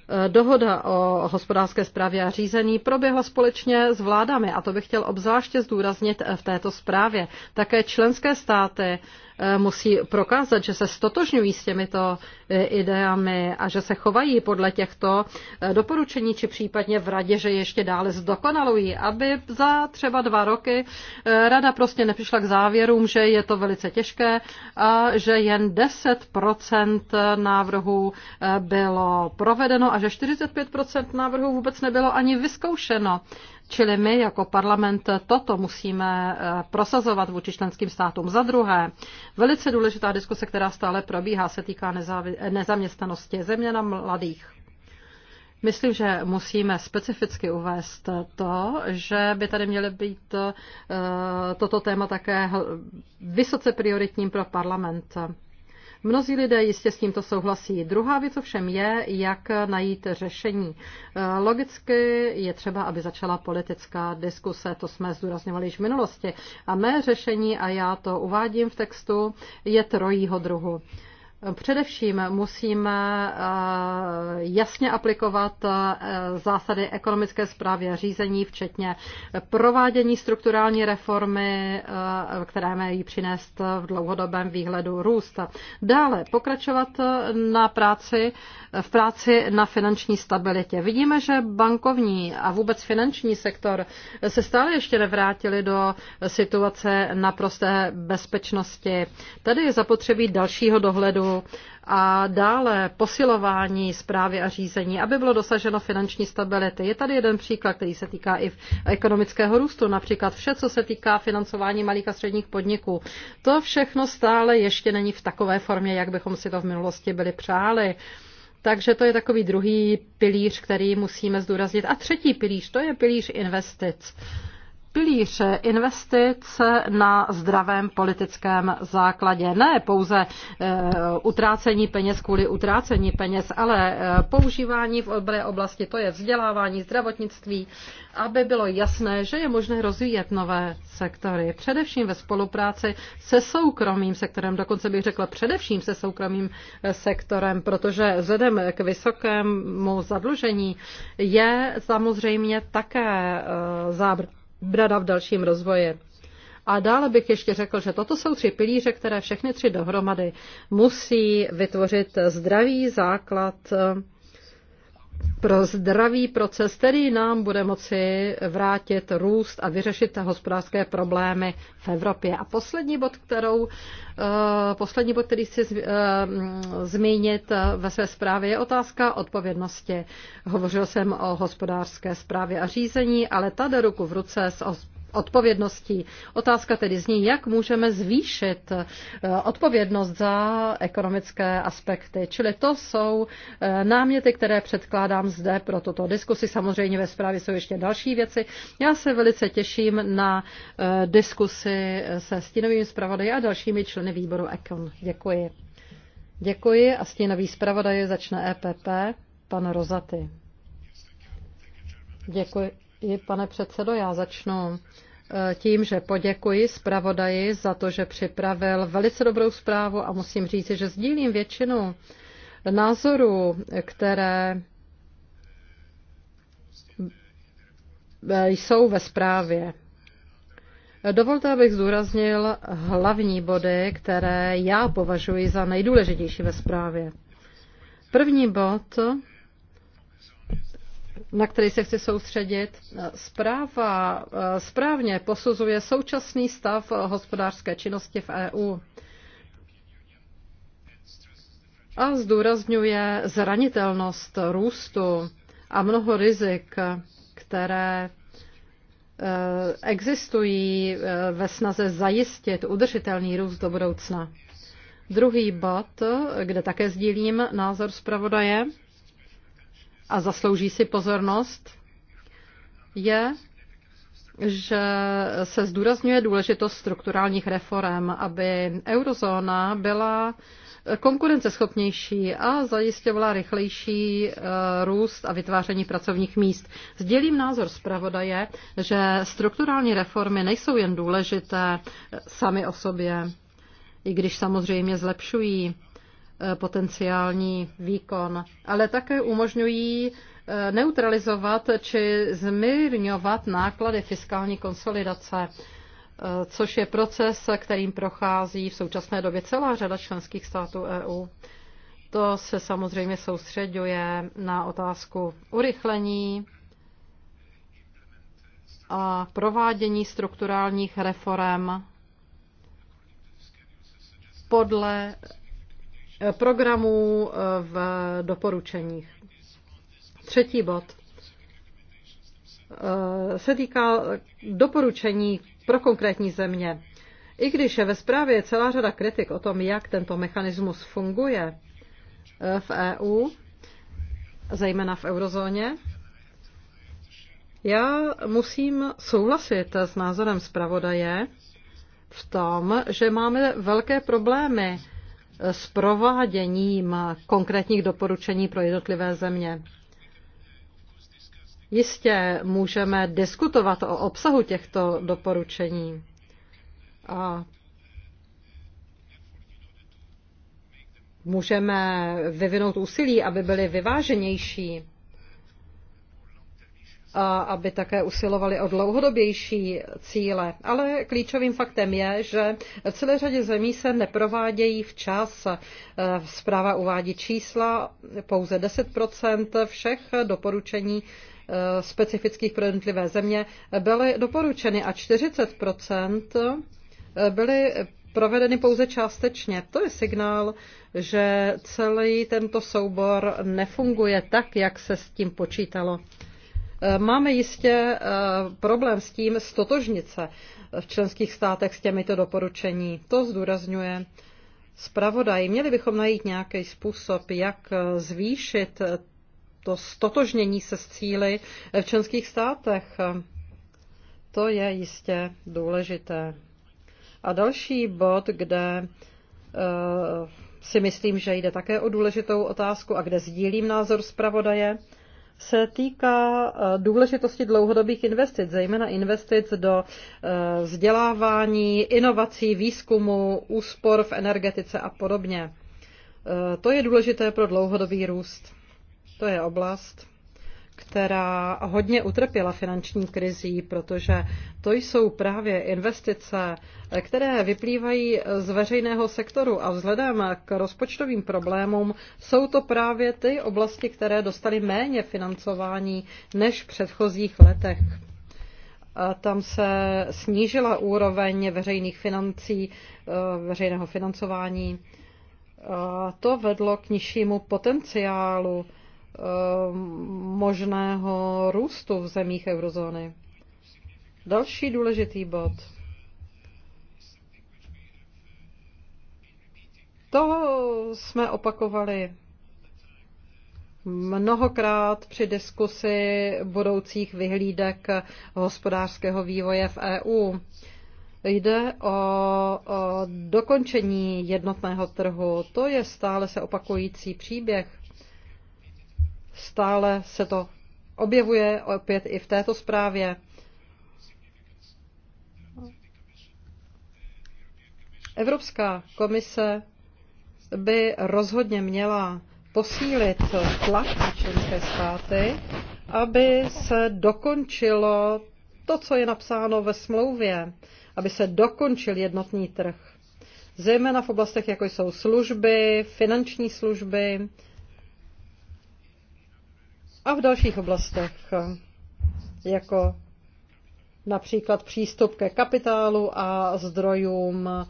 Eh, dohoda o hospodářské správě a řízení proběhla společně s vládami a to bych chtěl obzvláště zdůraznit eh, v této zprávě. Také členské státy E, musí prokázat, že se stotožňují s těmito e, ideami a že se chovají podle těchto e, doporučení, či případně v radě, že ještě dále zdokonalují, aby za třeba dva roky rada prostě nepřišla k závěrům, že je to velice těžké a že jen 10% návrhů bylo provedeno a že 45% návrhů vůbec nebylo ani vyzkoušeno. Čili my jako parlament toto musíme eh, prosazovat vůči členským státům. Za druhé, velice důležitá diskuse, která stále probíhá, se týká nezaměstnanosti země na mladých. Myslím, že musíme specificky uvést to, že by tady měly být eh, toto téma také vysoce prioritním pro parlament. Mnozí lidé jistě s tímto souhlasí. Druhá věc ovšem je, jak najít řešení. Eh, logicky je třeba, aby začala politická diskuse, to jsme zdůrazňovali již v minulosti. A mé řešení, a já to uvádím v textu, je trojího druhu. Především musíme eh, jasně aplikovat eh, zásady ekonomické zprávy a řízení, včetně provádění strukturální reformy, eh, které mají přinést v dlouhodobém výhledu růst. Dále pokračovat na práci, v práci na finanční stabilitě. Vidíme, že bankovní a vůbec finanční sektor se stále ještě nevrátili do situace naprosté bezpečnosti. Tady je zapotřebí dalšího dohledu a dále posilování zprávy a řízení, aby bylo dosaženo finanční stability. Je tady jeden příklad, který se týká i ekonomického růstu, například vše, co se týká financování malých a středních podniků. To všechno stále ještě není v takové formě, jak bychom si to v minulosti byli přáli. Takže to je takový druhý pilíř, který musíme zdůraznit. A třetí pilíř, to je pilíř investic pilíř investic na zdravém politickém základě. Ne pouze eh, utrácení peněz kvůli utrácení peněz, ale eh, používání v obré oblasti, to je vzdělávání, zdravotnictví, aby bylo jasné, že je možné rozvíjet nové sektory, především ve spolupráci se soukromým sektorem, dokonce bych řekla především se soukromým eh, sektorem, protože vzhledem k vysokému zadlužení je samozřejmě také zábr brada v dalším rozvoji. A dále bych ještě řekl, že toto jsou tři pilíře, které všechny tři dohromady musí vytvořit zdravý základ pro zdravý proces, který nám bude moci vrátit růst a vyřešit hospodářské problémy v Evropě. A poslední bod, kterou, eh, poslední bod který chci eh, mm, zmínit eh, ve své zprávě, je otázka odpovědnosti. Hovořil jsem o hospodářské zprávě a řízení, ale ta jde ruku v ruce s odpovědností. Otázka tedy zní, jak můžeme zvýšit eh, odpovědnost za ekonomické aspekty. Čili to jsou eh, náměty, které předkládám zde pro tuto diskusi. Samozřejmě ve zprávě jsou ještě další věci. Já se velice těším na eh, diskusi se stínovými zpravodaji a dalšími členy výboru ECON. Děkuji. Děkuji a stínový zpravodaj začne EPP, pan Rozaty. Děkuji. I pane předsedo, já začnu e, tím, že poděkuji zpravodaji za to, že připravil velice dobrou zprávu a musím říct, že sdílím většinu názorů, které jsou ve zprávě. Dovolte, abych zdůraznil hlavní body, které já považuji za nejdůležitější ve zprávě. První bod na který se chci soustředit. Zpráva eh, správně posuzuje současný stav hospodářské činnosti v EU a zdůrazňuje zranitelnost růstu a mnoho rizik, které eh, existují eh, ve snaze zajistit udržitelný růst do budoucna. Druhý bod, kde také sdílím názor zpravodaje, a zaslouží si pozornost, je, že se zdůrazňuje důležitost strukturálních reform, aby eurozóna byla konkurenceschopnější a zajišťovala rychlejší eh, růst a vytváření pracovních míst. Sdělím názor zpravodaje, že strukturální reformy nejsou jen důležité eh, sami o sobě, i když samozřejmě zlepšují Eh, potenciální výkon, ale také umožňují eh, neutralizovat či zmírňovat náklady fiskální konsolidace, eh, což je proces, kterým prochází v současné době celá řada členských států EU. To se samozřejmě soustředuje na otázku urychlení a provádění strukturálních reform podle programů eh, v doporučeních. Třetí bod eh, se týká doporučení pro konkrétní země. I když je ve zprávě celá řada kritik o tom, jak tento mechanismus funguje eh, v EU, zejména v eurozóně, já musím souhlasit s názorem zpravodaje v tom, že máme velké problémy s prováděním konkrétních doporučení pro jednotlivé země. Jistě můžeme diskutovat o obsahu těchto doporučení. A můžeme vyvinout úsilí, aby byly vyváženější a aby také usilovali o dlouhodobější cíle. Ale klíčovým faktem je, že v celé řadě zemí se neprovádějí včas. E, zpráva uvádí čísla, pouze 10 všech doporučení e, specifických pro jednotlivé země byly doporučeny a 40 e, byly provedeny pouze částečně. To je signál, že celý tento soubor nefunguje tak, jak se s tím počítalo. Eh, máme jistě eh, problém s tím stotožnit se v členských státech s těmito doporučení. To zdůrazňuje zpravodaj. Měli bychom najít nějaký způsob, jak eh, zvýšit to stotožnění se s cíly v členských státech. To je jistě důležité. A další bod, kde si myslím, že jde také o důležitou otázku a kde sdílím názor zpravodaje, se týká eh, důležitosti dlouhodobých investic, zejména investic do eh, vzdělávání, inovací, výzkumu, úspor v energetice a podobně. Eh, to je důležité pro dlouhodobý růst. To je oblast, která hodně utrpěla finanční krizí, protože to jsou právě investice, které vyplývají z veřejného sektoru a vzhledem k rozpočtovým problémům jsou to právě ty oblasti, které dostaly méně financování než v předchozích letech. A tam se snížila úroveň veřejných financí, eh, veřejného financování. A to vedlo k nižšímu potenciálu Eh, možného růstu v zemích eurozóny. Další důležitý bod. To jsme opakovali mnohokrát při diskusi budoucích vyhlídek hospodářského vývoje v EU. Jde o, o dokončení jednotného trhu. To je stále se opakující příběh. Stále se to objevuje opět i v této zprávě. Evropská komise by rozhodně měla posílit tlak na členské státy, aby se dokončilo to, co je napsáno ve smlouvě, aby se dokončil jednotný trh. Zejména v oblastech, jako jsou služby, finanční služby, a v dalších oblastech, jako například přístup ke kapitálu a zdrojům eh,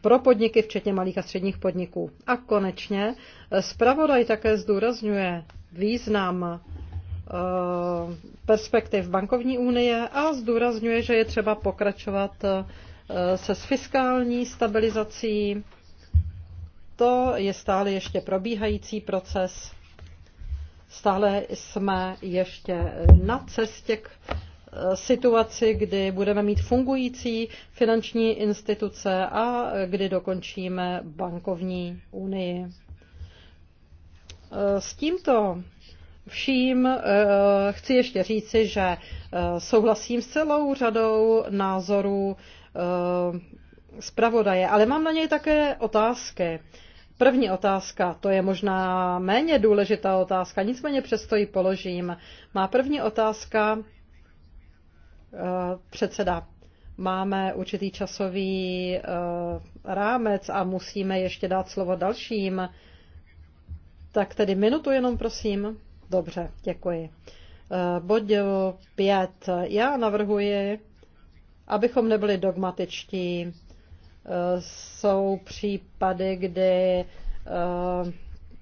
pro podniky, včetně malých a středních podniků. A konečně zpravodaj také zdůrazňuje význam eh, perspektiv bankovní unie a zdůrazňuje, že je třeba pokračovat eh, se s fiskální stabilizací. To je stále ještě probíhající proces. Stále jsme ještě na cestě k eh, situaci, kdy budeme mít fungující finanční instituce a kdy dokončíme bankovní unii. Eh, s tímto vším eh, chci ještě říci, že souhlasím s celou řadou názorů zpravodaje, ale mám na něj také otázky. První otázka, to je možná méně důležitá otázka, nicméně přesto ji položím. Má první otázka eh, předseda. Máme určitý časový eh, rámec a musíme ještě dát slovo dalším. Tak tedy minutu jenom prosím. Dobře, děkuji. Eh, bod 5. Já navrhuji, abychom nebyli dogmatičtí jsou případy, kdy eh,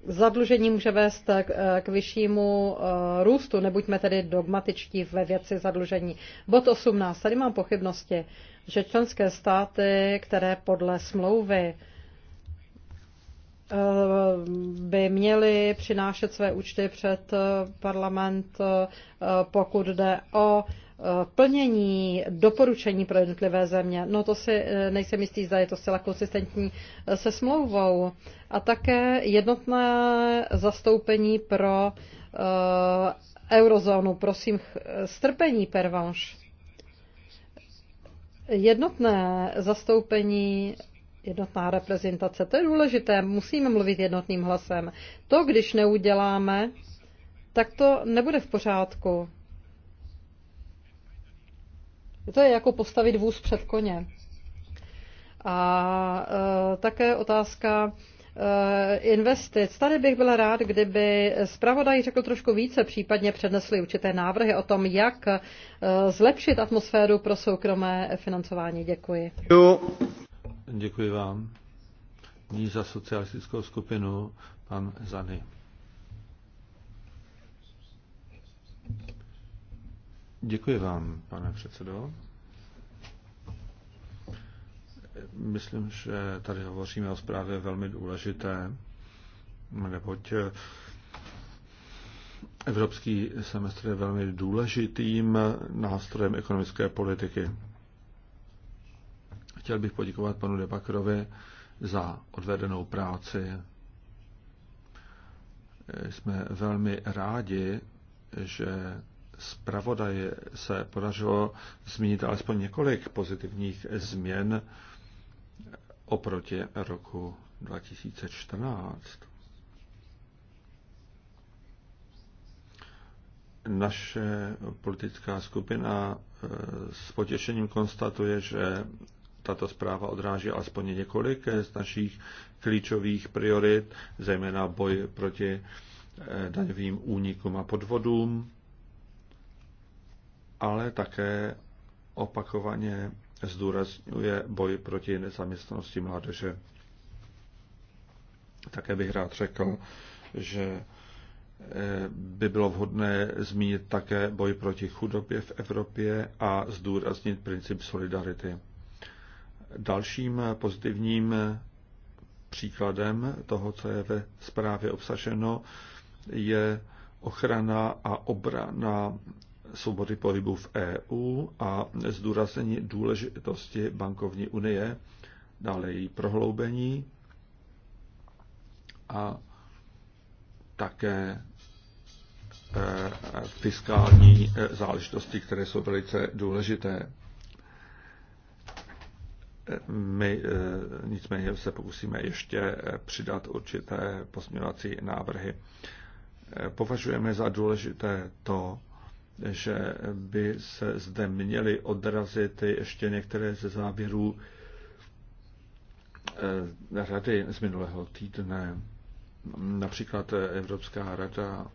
zadlužení může vést k eh, vyššímu eh, růstu. Nebuďme tedy dogmatičtí ve věci zadlužení. Bod 18. Tady mám pochybnosti, že členské státy, které podle smlouvy by měly přinášet své účty před parlament, pokud jde o Eh, plnění doporučení pro jednotlivé země. No to si eh, nejsem jistý, zda je to zcela konsistentní eh, se smlouvou. A také jednotné zastoupení pro eurozónu. Prosím, strpení pervanš. Jednotné zastoupení jednotná reprezentace. To je důležité, musíme mluvit jednotným hlasem. To, když neuděláme, tak to nebude v pořádku. To je jako postavit vůz před koně. A e, také otázka e, investic. Tady bych byl rád, kdyby zpravodaj řekl trošku více, případně přednesli určité návrhy o tom, jak e, zlepšit atmosféru pro soukromé financování. Děkuji. Děkuji vám. Ní za socialistickou skupinu pan Zany. Děkuji vám, pane předsedo. Myslím, že tady hovoříme o zprávě velmi důležité, neboť eh, evropský semestr je velmi důležitým nástrojem ekonomické politiky. Chtěl bych poděkovat panu Debakrovi za odvedenou práci. Eh, jsme velmi rádi, že zpravodaje se podařilo zmínit alespoň několik pozitivních změn oproti roku 2014. Naše politická skupina eh, s potěšením konstatuje, že tato zpráva odráží alespoň několik z našich klíčových priorit, zejména boj proti eh, daňovým únikům a podvodům, ale také opakovaně zdůrazňuje boj proti nezaměstnanosti mládeže. Také bych rád řekl, že eh, by bylo vhodné zmínit také boj proti chudobě v Evropě a zdůraznit princip solidarity. Dalším pozitivním příkladem toho, co je ve zprávě obsaženo, je ochrana a obrana svobody pohybu v EU a zdůraznění důležitosti bankovní unie, dále její prohloubení a také eh, fiskální eh, záležitosti, které jsou velice důležité. Eh, my nicméně se pokusíme ještě přidat určité posměvací návrhy. Považujeme za důležité to, že by se zde měly odrazit ještě některé ze závěrů eh, rady z minulého týdne. Například Evropská rada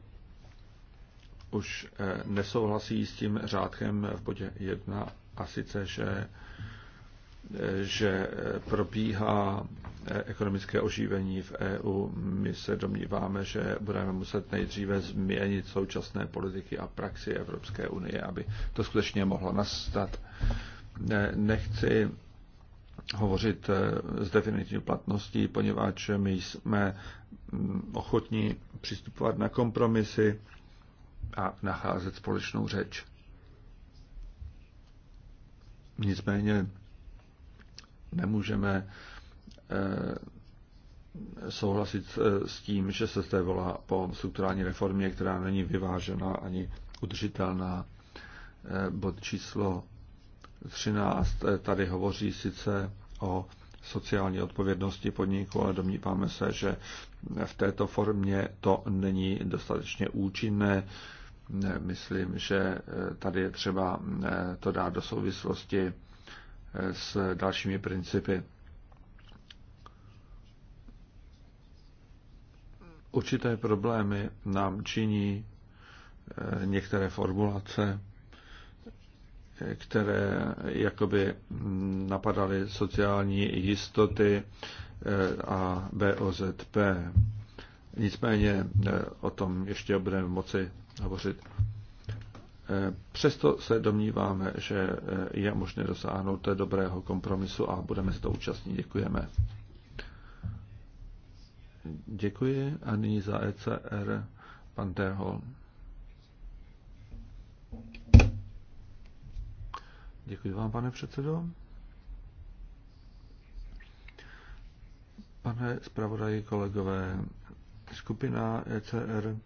už eh, nesouhlasí s tím řádkem v bodě 1 a sice, že že eh, probíhá eh, ekonomické oživení v EU. My se domníváme, že budeme muset nejdříve změnit současné politiky a praxi Evropské unie, aby to skutečně mohlo nastat. Nechci hovořit eh, s definitivní platností, poněvadž my jsme mm, ochotní přistupovat na kompromisy a nacházet společnou řeč. Nicméně nemůžeme eh, souhlasit eh, s tím, že se zde volá po strukturální reformě, která není vyvážená ani udržitelná. Eh, bod číslo 13 tady hovoří sice o sociální odpovědnosti podniku, ale domníváme se, že v této formě to není dostatečně účinné. Myslím, že tady je třeba to dát do souvislosti s dalšími principy. Určité problémy nám činí eh, některé formulace, eh, které jakoby napadaly sociální jistoty eh, a BOZP. Nicméně o tom ještě budeme moci hovořit Přesto se domníváme, že je možné dosáhnout té dobrého kompromisu a budeme se to účastnit. Děkujeme. Děkuji a nyní za ECR pan Terhol. Děkuji vám, pane předsedo. Pane zpravodaji, kolegové, skupina ECR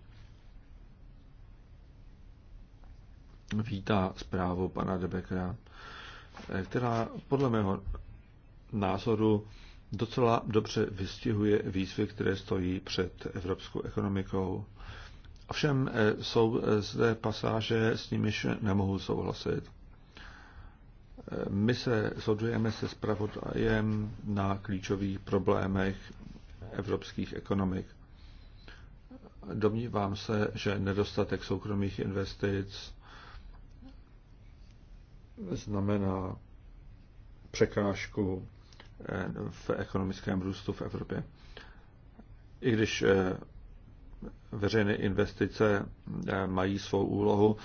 vítá zprávu pana Debekra, eh, která podle mého názoru docela dobře vystihuje výzvy, které stojí před evropskou ekonomikou. Ovšem eh, jsou eh, zde pasáže, s nimiž nemohu souhlasit. My se shodujeme se zpravodajem na klíčových problémech evropských ekonomik. Domnívám se, že nedostatek soukromých investic, znamená překážku eh, v ekonomickém růstu v Evropě. I když eh, veřejné investice eh, mají svou úlohu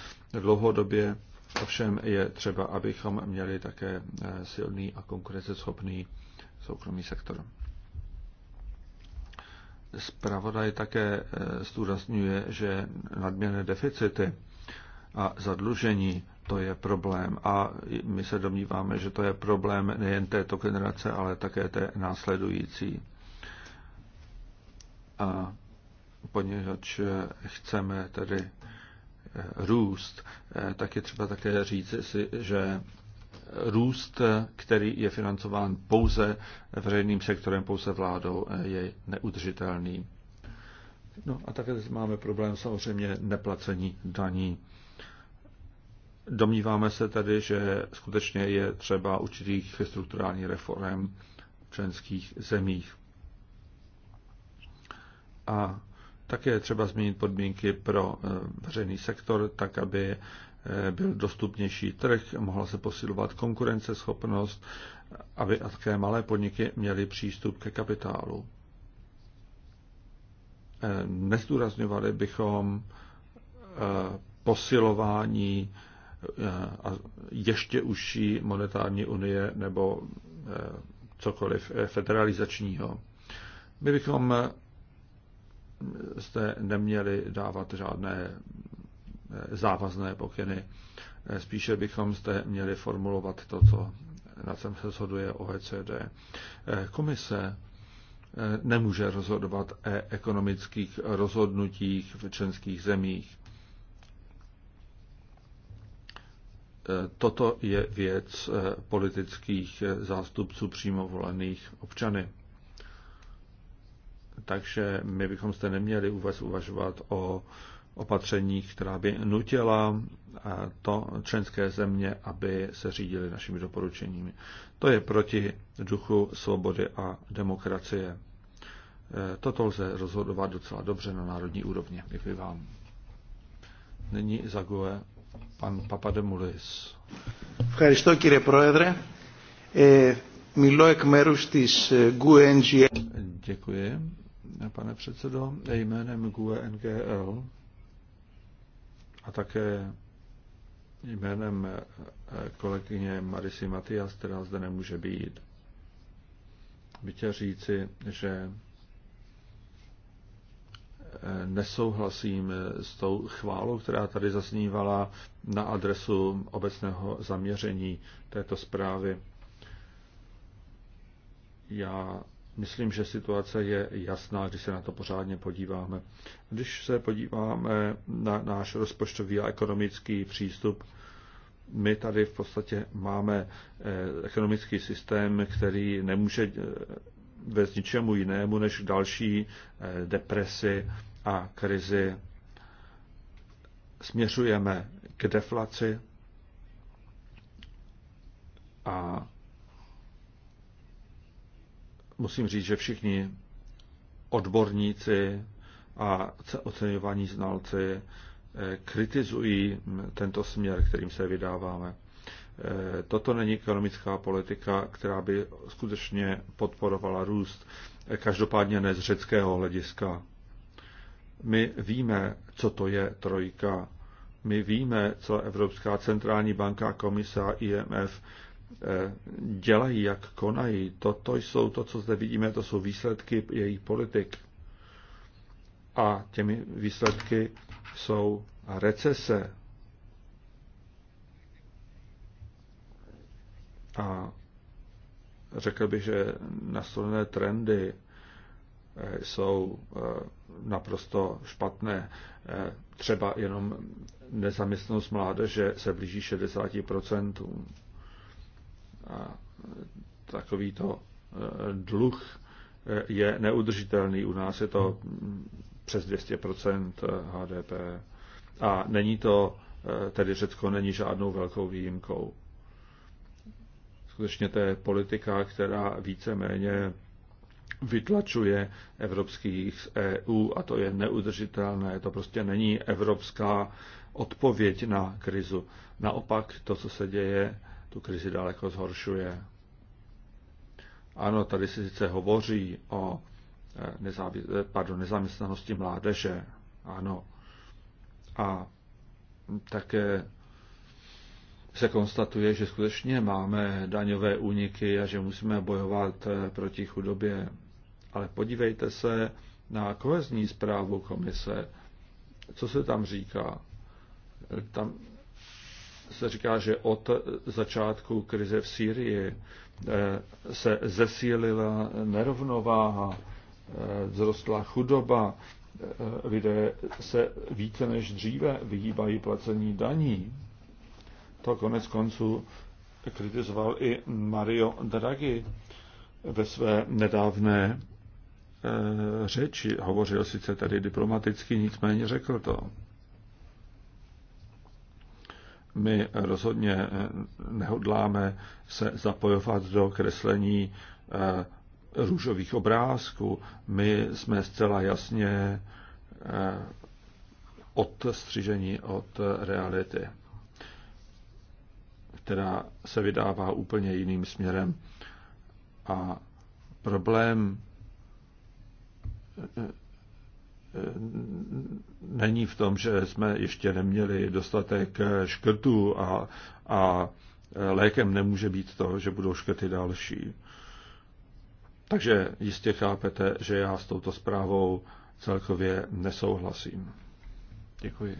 dlouhodobě, ovšem je třeba, abychom měli také silný a konkurenceschopný soukromý sektor. Spravodaj také zdůrazňuje, že nadměrné deficity a zadlužení to je problém. A my se domníváme, že to je problém nejen této generace, ale také té následující. A poněvadž chceme tedy eh, růst, eh, tak je třeba také říct si, že růst, který je financován pouze veřejným sektorem, pouze vládou, eh, je neudržitelný. No a také máme problém samozřejmě neplacení daní. Domníváme se tedy, že skutečně je třeba určitých strukturálních reform v členských zemích. A také je třeba změnit podmínky pro eh, veřejný sektor, tak aby eh, byl dostupnější trh, mohla se posilovat konkurenceschopnost, aby také malé podniky měly přístup ke kapitálu. Eh, nezdůrazňovali bychom posilování a ještě užší monetární unie nebo eh, cokoliv eh, federalizačního. My bychom eh, zde neměli dávat žádné závazné pokyny. Spíše bychom zde měli formulovat to, co, na čem se shoduje OECD. Komise nemůže rozhodovat o ekonomických rozhodnutích v členských zemích. toto je věc eh, politických eh, zástupců přímo volených občany. Takže my bychom zde neměli vůbec uvažovat o opatřeních, která by nutila eh, to členské země, aby se řídili našimi doporučeními. To je proti duchu svobody a demokracie. Toto lze rozhodovat docela dobře na národní úrovni. Děkuji vám. Nyní Zagoe Pan Papademulis. Ευχαριστώ κύριε Πρόεδρε. Ε, μιλώ εκ μέρους της GUNGL. Děkuji, pane předsedo, jménem GUNGL a také jménem e, kolegyně Marisy Matias, která zde nemůže být. Bytě říci, že nesouhlasím s tou chválou, která tady zaznívala na adresu obecného zaměření této zprávy. Já myslím, že situace je jasná, když se na to pořádně podíváme. Když se podíváme na náš rozpočtový a ekonomický přístup, my tady v podstatě máme eh, ekonomický systém, který nemůže eh, vést ničemu jinému než další eh, depresi a krizi, směřujeme k deflaci a musím říct, že všichni odborníci a oceňovaní znalci eh, kritizují tento směr, kterým se vydáváme. Eh, toto není ekonomická politika, která by skutečně podporovala růst, eh, každopádně ne z řeckého hlediska. My víme, co to je trojka. My víme, co Evropská centrální banka, komisa, IMF eh, dělají, jak konají. Toto jsou to, co zde vidíme, to jsou výsledky jejich politik. A těmi výsledky jsou recese. A řekl bych, že nastolené trendy Eh, jsou eh, naprosto špatné. Eh, třeba jenom nezaměstnanost mládeže se blíží 60%. A takovýto dluh je neudržitelný. U nás je to přes 200% HDP. A není to, tedy Řecko není žádnou velkou výjimkou. Skutečně to je politika, která více-méně vytlačuje evropských z EU a to je neudržitelné. To prostě není evropská odpověď na krizu. Naopak to, co se děje, tu krizi daleko zhoršuje. Ano, tady se sice hovoří o eh, nezávi, eh, pardon, nezaměstnanosti mládeže. Ano. A také se konstatuje, že skutečně máme daňové úniky a že musíme bojovat eh, proti chudobě. Ale podívejte se na kohezní zprávu komise. Co se tam říká? Tam se říká, že od začátku krize v Sýrii eh, se zesílila nerovnováha, eh, vzrostla chudoba, eh, lidé se více než dříve vyhýbají placení daní. To konec konců kritizoval i Mario Draghi ve své nedávné Eh, řeči. Hovořil sice tady diplomaticky, nicméně řekl to. My rozhodně eh, nehodláme se zapojovat do kreslení eh, růžových obrázků. My jsme zcela jasně odstřižení od reality, která se vydává úplně jiným směrem. A problém není v tom, že jsme ještě neměli dostatek škrtů a, a lékem nemůže být to, že budou škrty další. Takže jistě chápete, že já s touto zprávou celkově nesouhlasím. Děkuji.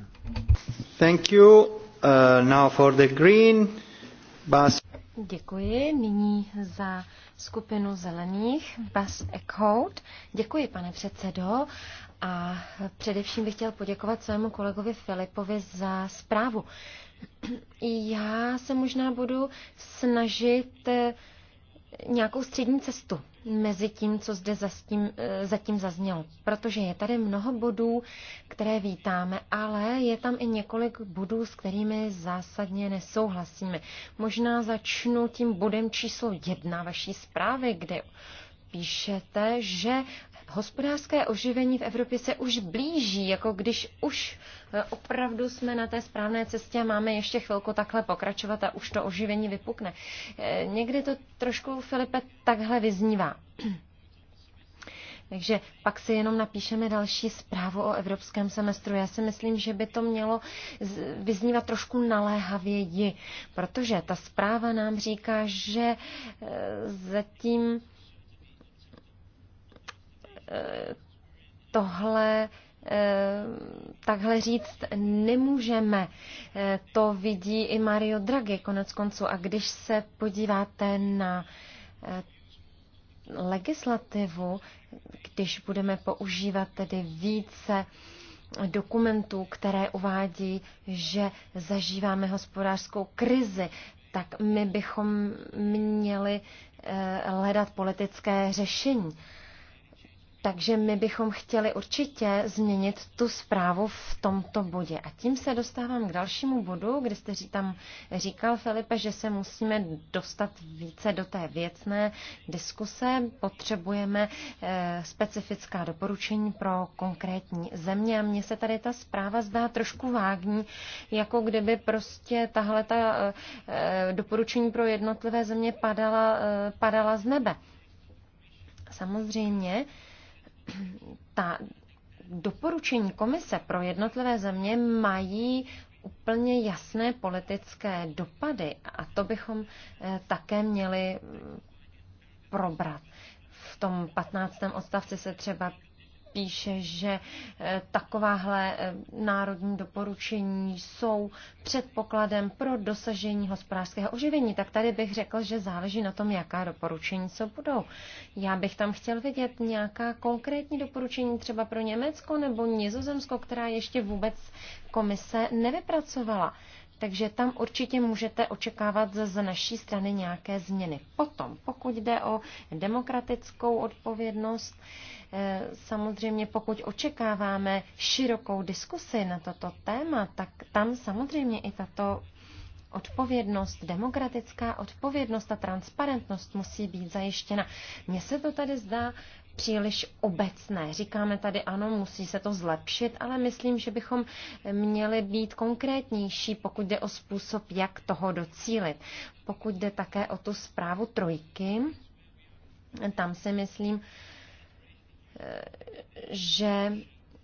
Thank you. Uh, now for the green. Bas. Děkuji. Nyní za skupinu zelených Bas Eckhout. Děkuji, pane předsedo. A především bych chtěl poděkovat svému kolegovi Filipovi za zprávu. Já se možná budu snažit nějakou střední cestu mezi tím, co zde zatím, e, zatím zaznělo. Protože je tady mnoho bodů, které vítáme, ale je tam i několik bodů, s kterými zásadně nesouhlasíme. Možná začnu tím bodem číslo jedna vaší zprávy, kde píšete, že Hospodářské oživení v Evropě se už blíží, jako když už eh, opravdu jsme na té správné cestě a máme ještě chvilku takhle pokračovat a už to oživení vypukne. Eh, někdy to trošku, Filipe, takhle vyznívá. Takže pak si jenom napíšeme další zprávu o evropském semestru. Já si myslím, že by to mělo vyznívat trošku naléhavěji, protože ta zpráva nám říká, že eh, zatím tohle eh, takhle říct nemůžeme. Eh, to vidí i Mario Draghi konec konců. A když se podíváte na eh, legislativu, když budeme používat tedy více dokumentů, které uvádí, že zažíváme hospodářskou krizi, tak my bychom měli hledat politické řešení. Takže my bychom chtěli určitě změnit tu zprávu v tomto bodě. A tím se dostávám k dalšímu bodu, kde jste tam říkal, Filipe, že se musíme dostat více do té věcné diskuse. Potřebujeme eh, specifická doporučení pro konkrétní země. A mně se tady ta zpráva zdá trošku vágní, jako kdyby prostě tahle ta eh, eh, doporučení pro jednotlivé země padala, padala z nebe. Samozřejmě, ta doporučení komise pro jednotlivé země mají úplně jasné politické dopady a to bychom eh, také měli mm, probrat. V tom 15. odstavci se třeba píše, že eh, takováhle eh, národní doporučení jsou předpokladem pro dosažení hospodářského oživení, tak tady bych řekl, že záleží na tom, jaká doporučení co budou. Já bych tam chtěl vidět nějaká konkrétní doporučení třeba pro Německo nebo Nizozemsko, která ještě vůbec komise nevypracovala. Takže tam určitě můžete očekávat z naší strany nějaké změny. Potom, pokud jde o demokratickou odpovědnost, eh, samozřejmě pokud očekáváme širokou diskusi na toto téma, tak tam samozřejmě i tato odpovědnost, demokratická odpovědnost a transparentnost musí být zajištěna. Mně se to tady zdá příliš obecné. Říkáme tady, ano, musí se to zlepšit, ale myslím, že bychom měli být konkrétnější, pokud jde o způsob, jak toho docílit. Pokud jde také o tu zprávu trojky, tam si myslím, že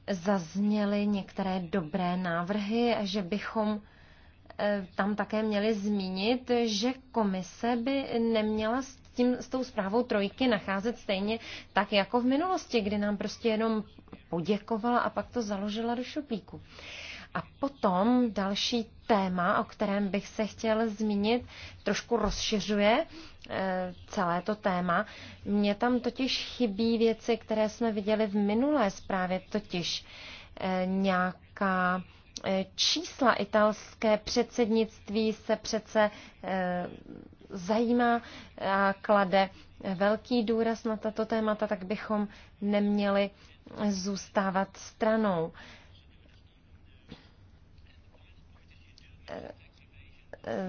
zazněly některé dobré návrhy a že bychom eh, tam také měli zmínit, že komise by neměla tím, s tou zprávou trojky nacházet stejně tak jako v minulosti, kdy nám prostě jenom poděkovala a pak to založila do šuplíku. A potom další téma, o kterém bych se chtěl zmínit, trošku rozšiřuje eh, celé to téma. Mně tam totiž chybí věci, které jsme viděli v minulé zprávě, totiž eh, nějaká eh, čísla italské předsednictví se přece zajímá a klade velký důraz na tato témata, tak bychom neměli zůstávat stranou.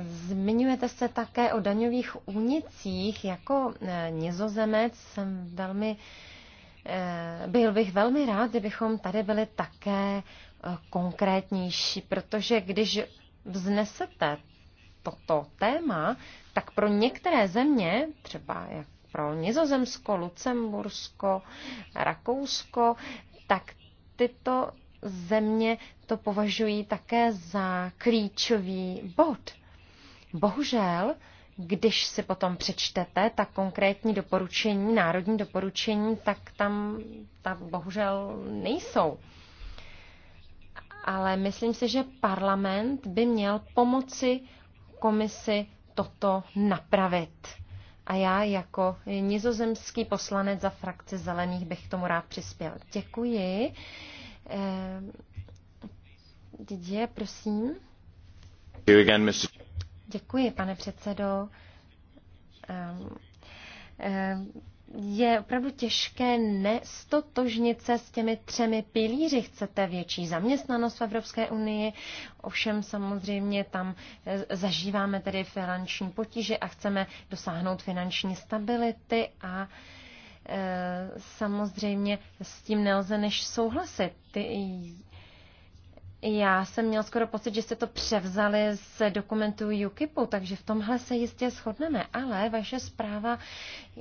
Zmiňujete se také o daňových únicích. Jako eh, nizozemec jsem velmi, eh, byl bych velmi rád, kdybychom tady byli také eh, konkrétnější, protože když vznesete toto téma, tak pro některé země, třeba jak pro Nizozemsko, Lucembursko, Rakousko, tak tyto země to považují také za klíčový bod. Bohužel, když si potom přečtete ta konkrétní doporučení, národní doporučení, tak tam ta bohužel nejsou. Ale myslím si, že parlament by měl pomoci komisi toto napravit. A já jako nizozemský poslanec za frakci zelených bych tomu rád přispěl. Děkuji. Eh, Didě, prosím. Děkuji, pane předsedo. Ehm, ehm, je opravdu těžké nestotožnit se s těmi třemi pilíři. Chcete větší zaměstnanost v Evropské unii, ovšem samozřejmě tam e, zažíváme tedy finanční potíže a chceme dosáhnout finanční stability a e, samozřejmě s tím nelze než souhlasit. Já jsem měl skoro pocit, že jste to převzali z dokumentu UKIPu, takže v tomhle se jistě shodneme, ale vaše zpráva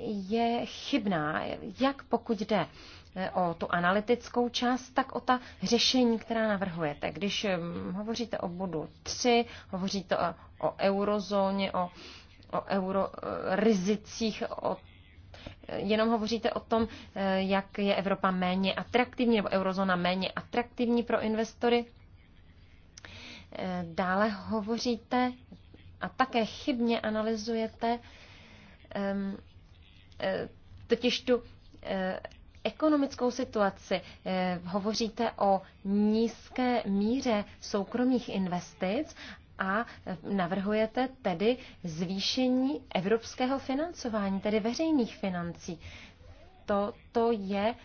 je chybná, jak pokud jde eh, o tu analytickou část, tak o ta řešení, která navrhujete. Když eh, hovoříte o bodu 3, hovoříte o, o eurozóně, o, o euro eh, rizicích, o jenom hovoříte o tom, jak je Evropa méně atraktivní, nebo eurozóna méně atraktivní pro investory. Eh, dále hovoříte a také chybně analyzujete ehm, eh, totiž tu eh, ekonomickou situaci. Hovoříte o nízké míře soukromých investic a navrhujete tedy zvýšení evropského financování, tedy veřejných financí. To, to je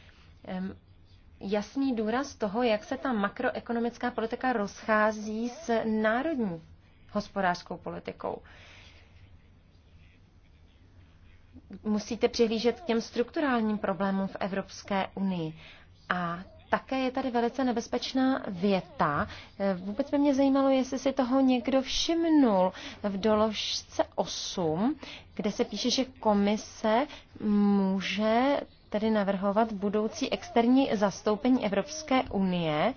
ehm, jasný důraz toho, jak se ta makroekonomická politika rozchází s národní hospodářskou politikou. Musíte přihlížet k těm strukturálním problémům v Evropské unii. A také je tady velice nebezpečná věta. Vůbec by mě zajímalo, jestli si toho někdo všimnul v doložce 8, kde se píše, že komise může tedy navrhovat budoucí externí zastoupení Evropské unie.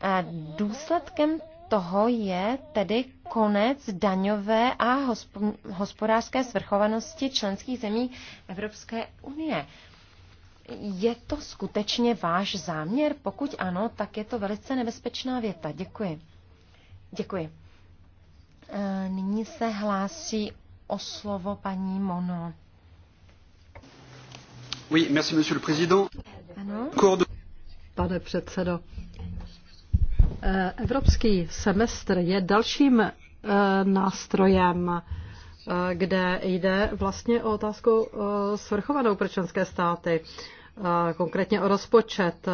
A důsledkem toho je tedy konec daňové a hospodářské svrchovanosti členských zemí Evropské unie. Je to skutečně váš záměr? Pokud ano, tak je to velice nebezpečná věta. Děkuji. Děkuji. E, nyní se hlásí o slovo paní Mono. Oui, merci, monsieur le président. Ano. Pane předsedo, eh, evropský semestr je dalším eh, nástrojem, eh, kde jde vlastně o otázku svrchovanou pro členské státy konkrétně o rozpočet.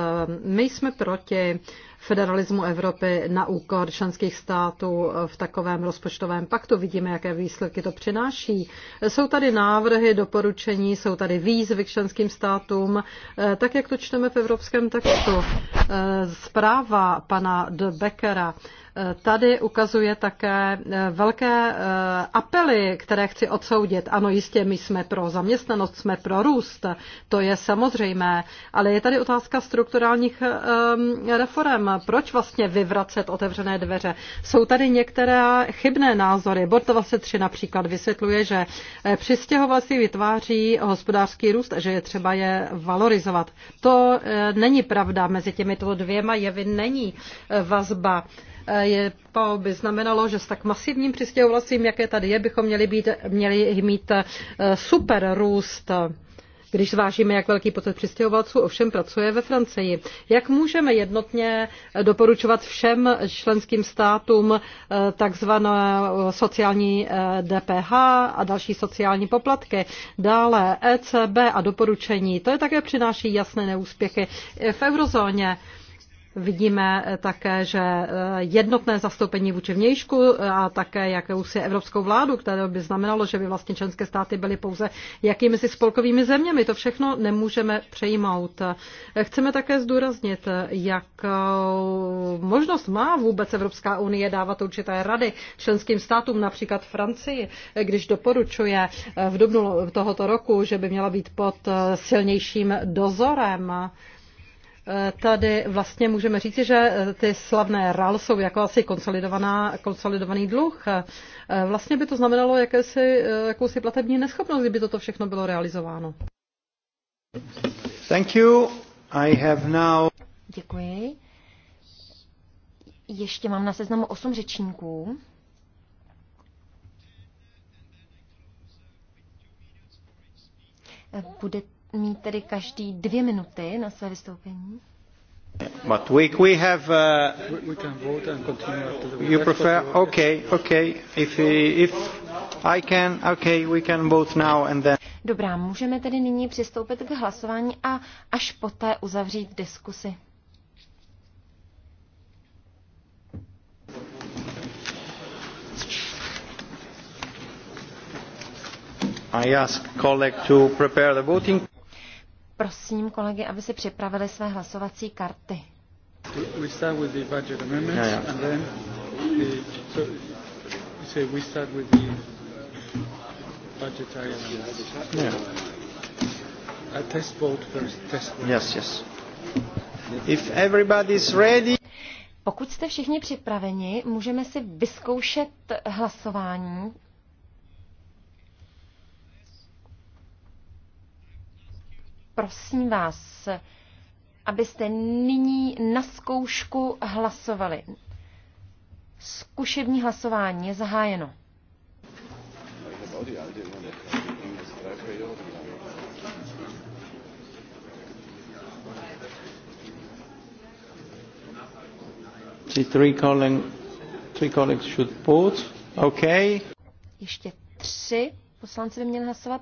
My jsme proti federalismu Evropy na úkor členských států v takovém rozpočtovém paktu. Vidíme, jaké výsledky to přináší. Jsou tady návrhy, doporučení, jsou tady výzvy k členským státům, eh, tak jak to čteme v evropském textu. Eh, zpráva pana de Beckera eh, tady ukazuje také velké apely, které chci odsoudit. Ano, jistě, my jsme pro zaměstnanost, jsme pro růst, to je samozřejmé, ale je tady otázka strukturálních reform proč vlastně vyvracet otevřené dveře. Jsou tady některé chybné názory. se 23 například vysvětluje, že eh, přistěhovalství vytváří hospodářský růst a že je třeba je valorizovat. To eh, není pravda. Mezi těmito dvěma jevy není eh, vazba je, to by znamenalo, že s tak masivním přistěhovalstvím, jaké tady je, bychom měli, být, měli mít super růst. Když zvážíme, jak velký počet přistěhovalců ovšem pracuje ve Francii, jak můžeme jednotně doporučovat všem členským státům eh, takzvané eh, sociální DPH eh, a další sociální poplatky, dále ECB a doporučení. To je také přináší jasné neúspěchy v eurozóně. Vidíme také, že eh, jednotné zastoupení vůči vnějšku eh, a také jakousi evropskou vládu, které by znamenalo, že by vlastně členské státy byly pouze jakými si spolkovými zeměmi. To všechno nemůžeme přejmout. Eh, chceme také zdůraznit, jak možnost má vůbec Evropská unie dávat určité rady členským státům, například Francii, když doporučuje v dubnu tohoto roku, že by měla být pod silnějším dozorem Eh, tady vlastně můžeme říci, že eh, ty slavné RAL jsou jako asi konsolidovaná, konsolidovaný dluh. Eh, vlastně by to znamenalo jakési, jakousi platební neschopnost, kdyby toto všechno bylo realizováno. Thank you. I have now... Děkuji. Ještě mám na seznamu osm řečníků. Budete mít tedy každý dvě minuty na své vystoupení. But we, we have. Uh, we can vote and continue after the. You prefer? Okay, okay. If if I can, okay, we can vote now and then. Dobrá, můžeme tedy nyní přistoupit k hlasování a až poté uzavřít diskusi. I ask colleague to prepare the voting. Prosím kolegy, aby si připravili své hlasovací karty. Pokud jste všichni připraveni, můžeme si vyzkoušet hlasování. prosím vás, abyste nyní na zkoušku hlasovali. Zkušební hlasování je zahájeno. The three, calling, three colleagues should vote. Okay. Ještě tři poslanci by měli hlasovat.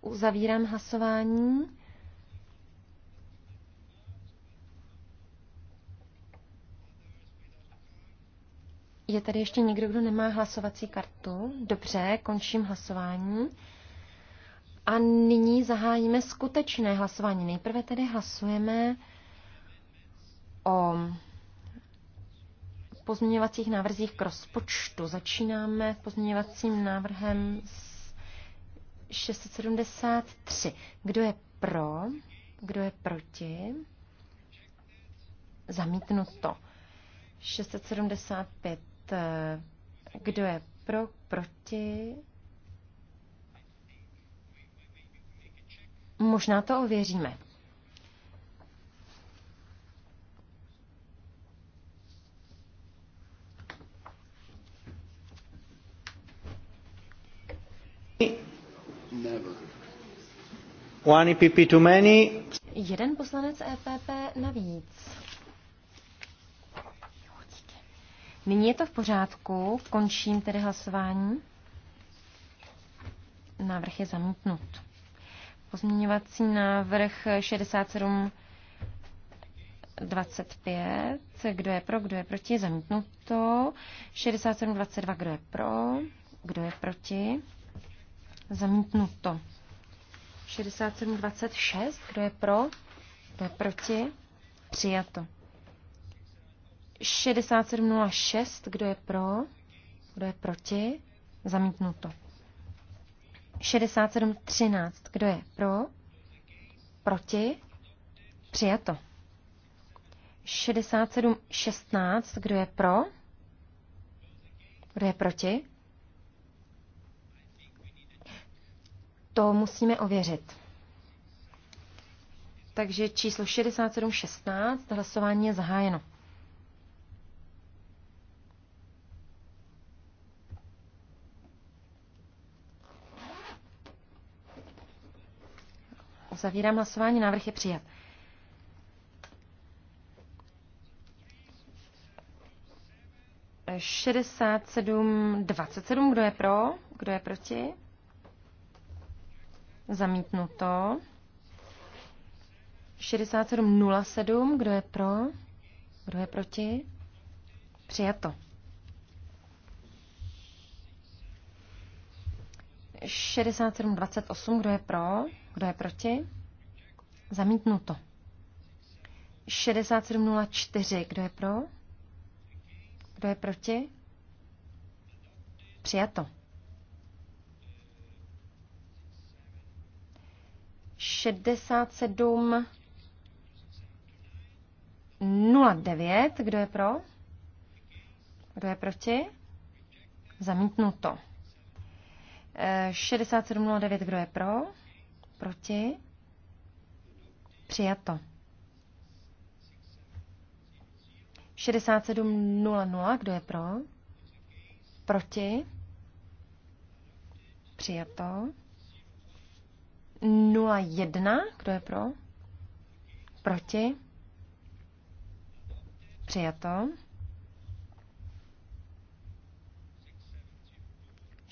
Uzavírám hlasování. Je tady ještě někdo, kdo nemá hlasovací kartu? Dobře, končím hlasování. A nyní zahájíme skutečné hlasování. Nejprve tedy hlasujeme o pozměňovacích návrzích k rozpočtu. Začínáme pozměňovacím návrhem 673. Kdo je pro? Kdo je proti? Zamítnuto. 675 Eh, kdo je pro, proti. Možná to ověříme. One EPP too many. Jeden poslanec EPP navíc. Nyní je to v pořádku, končím tedy hlasování. Návrh je zamítnut. Pozměňovací návrh 6725. Kdo je pro, kdo je proti? Zamítnuto. 6722. Kdo je pro, kdo je proti? Zamítnuto. 6726. Kdo je pro, kdo je proti? Přijato. 6706, kdo je pro, kdo je proti, zamítnuto. 6713, kdo je pro, proti, přijato. 6716, kdo je pro, kdo je proti, to musíme ověřit. Takže číslo 6716, hlasování je zahájeno. Uzavírám hlasování, návrh je přijat. Šedesát sedm, dvacet sedm, kdo je pro, kdo je proti? Zamítnuto. sedm. kdo je pro? Kdo je proti? Přijato. 6728, kdo je pro, kdo je proti? Zamítnuto. 6704, kdo je pro? Kdo je proti? Přijato. 67 09, kdo je pro? Kdo je proti? Zamítnuto. 6709, kdo je pro? Proti? Přijato. 6700, kdo je pro? Proti? Přijato. 01, kdo je pro? Proti? Přijato.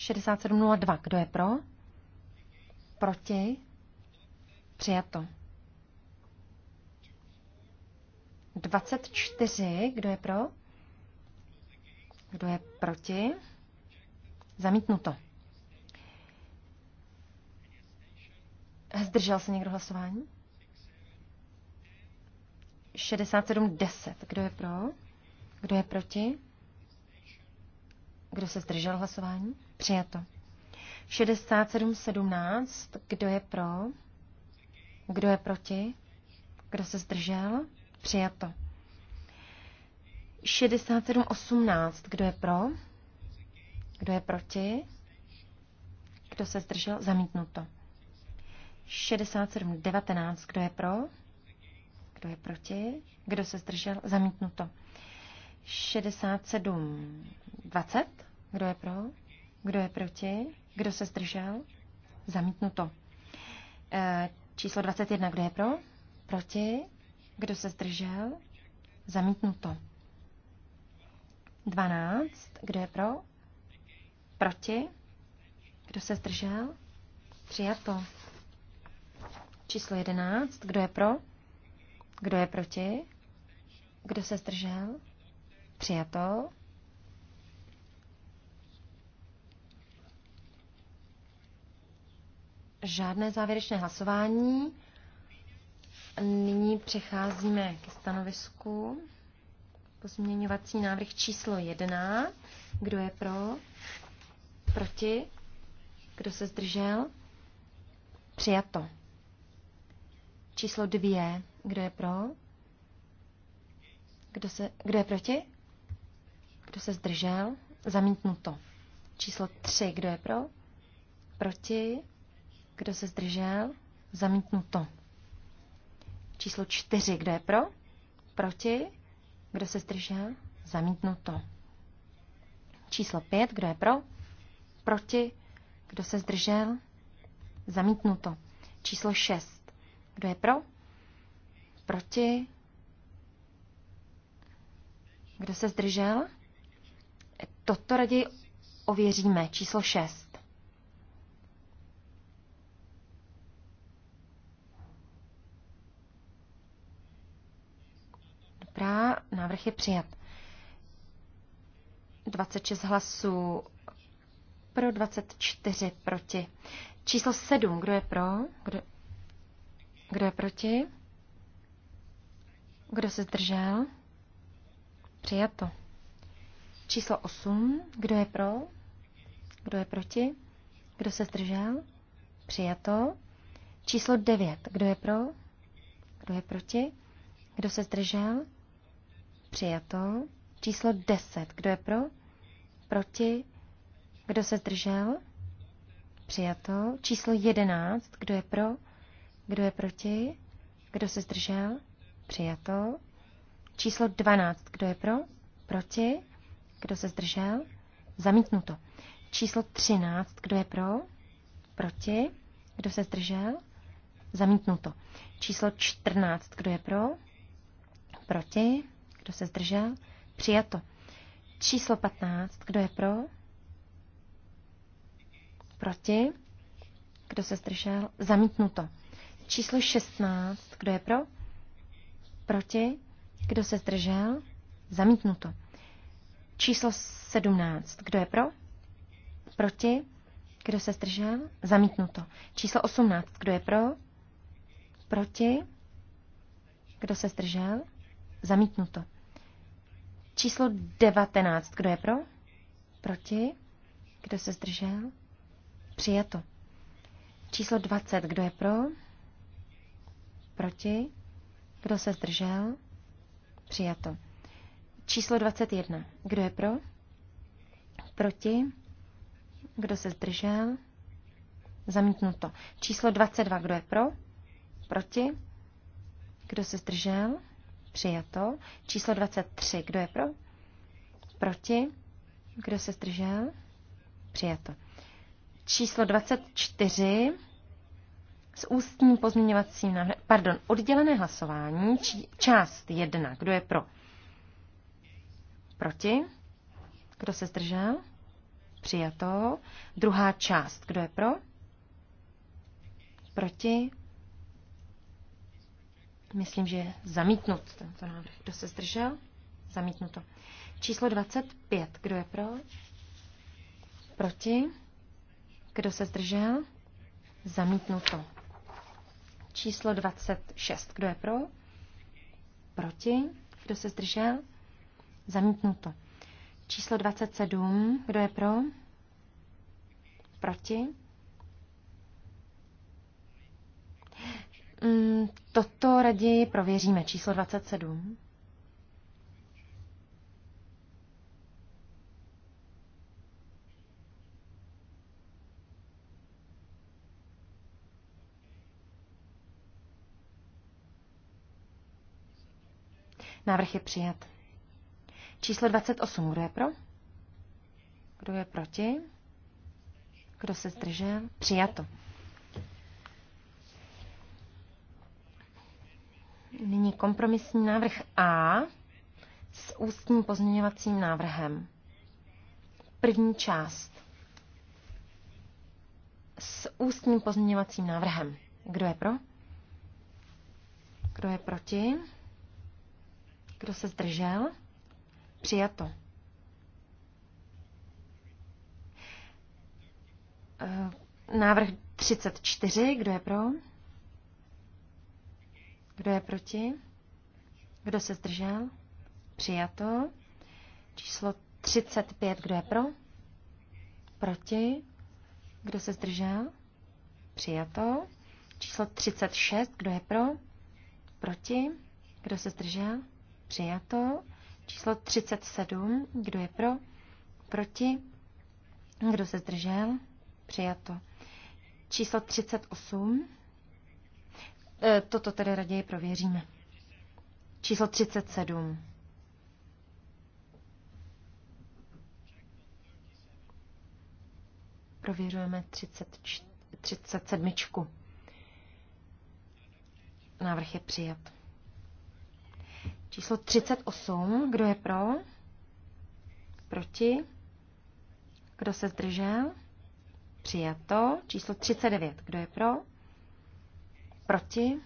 6702. Kdo je pro? Proti? Přijato. 24. Kdo je pro? Kdo je proti? Zamítnuto. Zdržel se někdo hlasování? 6710. Kdo je pro? Kdo je proti? Kdo se zdržel hlasování? Přijato. 67.17. Kdo je pro? Kdo je proti? Kdo se zdržel? Přijato. 67.18. Kdo je pro? Kdo je proti? Kdo se zdržel? Zamítnuto. 67.19. Kdo je pro? Kdo je proti? Kdo se zdržel? Zamítnuto. 67.20. Kdo je pro? Kdo je proti? Kdo se zdržel? Zamítnuto. Eh, číslo 21. Kdo je pro? Proti? Kdo se zdržel? Zamítnuto. 12. Kdo je pro? Proti? Kdo se zdržel? Přijato. Číslo 11. Kdo je pro? Kdo je proti? Kdo se zdržel? Přijato. žádné závěrečné hlasování. Nyní přecházíme k stanovisku. Pozměňovací návrh číslo 1. Kdo je pro? Proti? Kdo se zdržel? Přijato. Číslo 2. Kdo je pro? Kdo, se, kdo je proti? Kdo se zdržel? Zamítnuto. Číslo 3. Kdo je pro? Proti? Kdo se zdržel? Zamítnuto. Číslo čtyři, Kdo je pro? Proti? Kdo se zdržel? Zamítnuto. Číslo pět, Kdo je pro? Proti? Kdo se zdržel? Zamítnuto. Číslo šest, Kdo je pro? Proti? Kdo se zdržel? Toto raději ověříme. Číslo šest. Dobrá, návrh je přijat. 26 hlasů pro, 24 proti. Číslo 7, kdo je pro? Kdo, kdo je proti? Kdo se zdržel? Přijato. Číslo 8, kdo je pro? Kdo je proti? Kdo se zdržel? Přijato. Číslo 9, kdo je pro? Kdo je proti? Kdo se zdržel? Přijato. Číslo 10. Kdo je pro? Proti? Kdo se zdržel? Přijato. Číslo 11. Kdo je pro? Kdo je proti? Kdo se zdržel? Přijato. Číslo 12. Kdo je pro? Proti? Kdo se zdržel? Zamítnuto. Číslo 13. Kdo je pro? Proti? Kdo se zdržel? Zamítnuto. Číslo 14. Kdo je pro? Proti? Kdo se zdržel? Přijato. Číslo 15. Kdo je pro? Proti? Kdo se zdržel? Zamítnuto. Číslo 16. Kdo je pro? Proti? Kdo se zdržel? Zamítnuto. Číslo 17. Kdo je pro? Proti? Kdo se zdržel? Zamítnuto. Číslo 18. Kdo je pro? Proti? Kdo se zdržel? Zamítnuto. Číslo 19. Kdo je pro? Proti? Kdo se zdržel? Přijato. Číslo 20. Kdo je pro? Proti? Kdo se zdržel? Přijato. Číslo 21. Kdo je pro? Proti? Kdo se zdržel? Zamítnuto. Číslo 22. Kdo je pro? Proti? Kdo se zdržel? Přijato. Číslo 23. Kdo je pro? Proti? Kdo se zdržel? Přijato. Číslo 24 s ústním pozměňovacím návrhem, pardon, oddělené hlasování, či, část 1. Kdo je pro? Proti? Kdo se zdržel? Přijato. Druhá část. Kdo je pro? Proti? Myslím, že je zamítnut tento návrh. Kdo se zdržel? Zamítnuto. Číslo 25. Kdo je pro? Proti? Kdo se zdržel? Zamítnuto. Číslo 26. Kdo je pro? Proti? Kdo se zdržel? Zamítnuto. Číslo 27. Kdo je pro? Proti? Mm, toto raději prověříme. Číslo 27. Návrh je přijat. Číslo 28. Kdo je pro? Kdo je proti? Kdo se zdržel? Přijato. Nyní kompromisní návrh A s ústním pozměňovacím návrhem. První část s ústním pozměňovacím návrhem. Kdo je pro? Kdo je proti? Kdo se zdržel? Přijato. Eh, návrh 34. Kdo je pro? Kdo je proti? Kdo se zdržel? Přijato. Číslo 35. Kdo je pro? Proti. Kdo se zdržel? Přijato. Číslo 36. Kdo je pro? Proti. Kdo se zdržel? Přijato. Číslo 37. Kdo je pro? Proti. Kdo se zdržel? Přijato. Číslo 38. E, toto tedy raději prověříme. Číslo 37. Prověřujeme 37. Návrh je přijat. Číslo 38. Kdo je pro? Proti? Kdo se zdržel? Přijato. Číslo 39. Kdo je pro? Proti?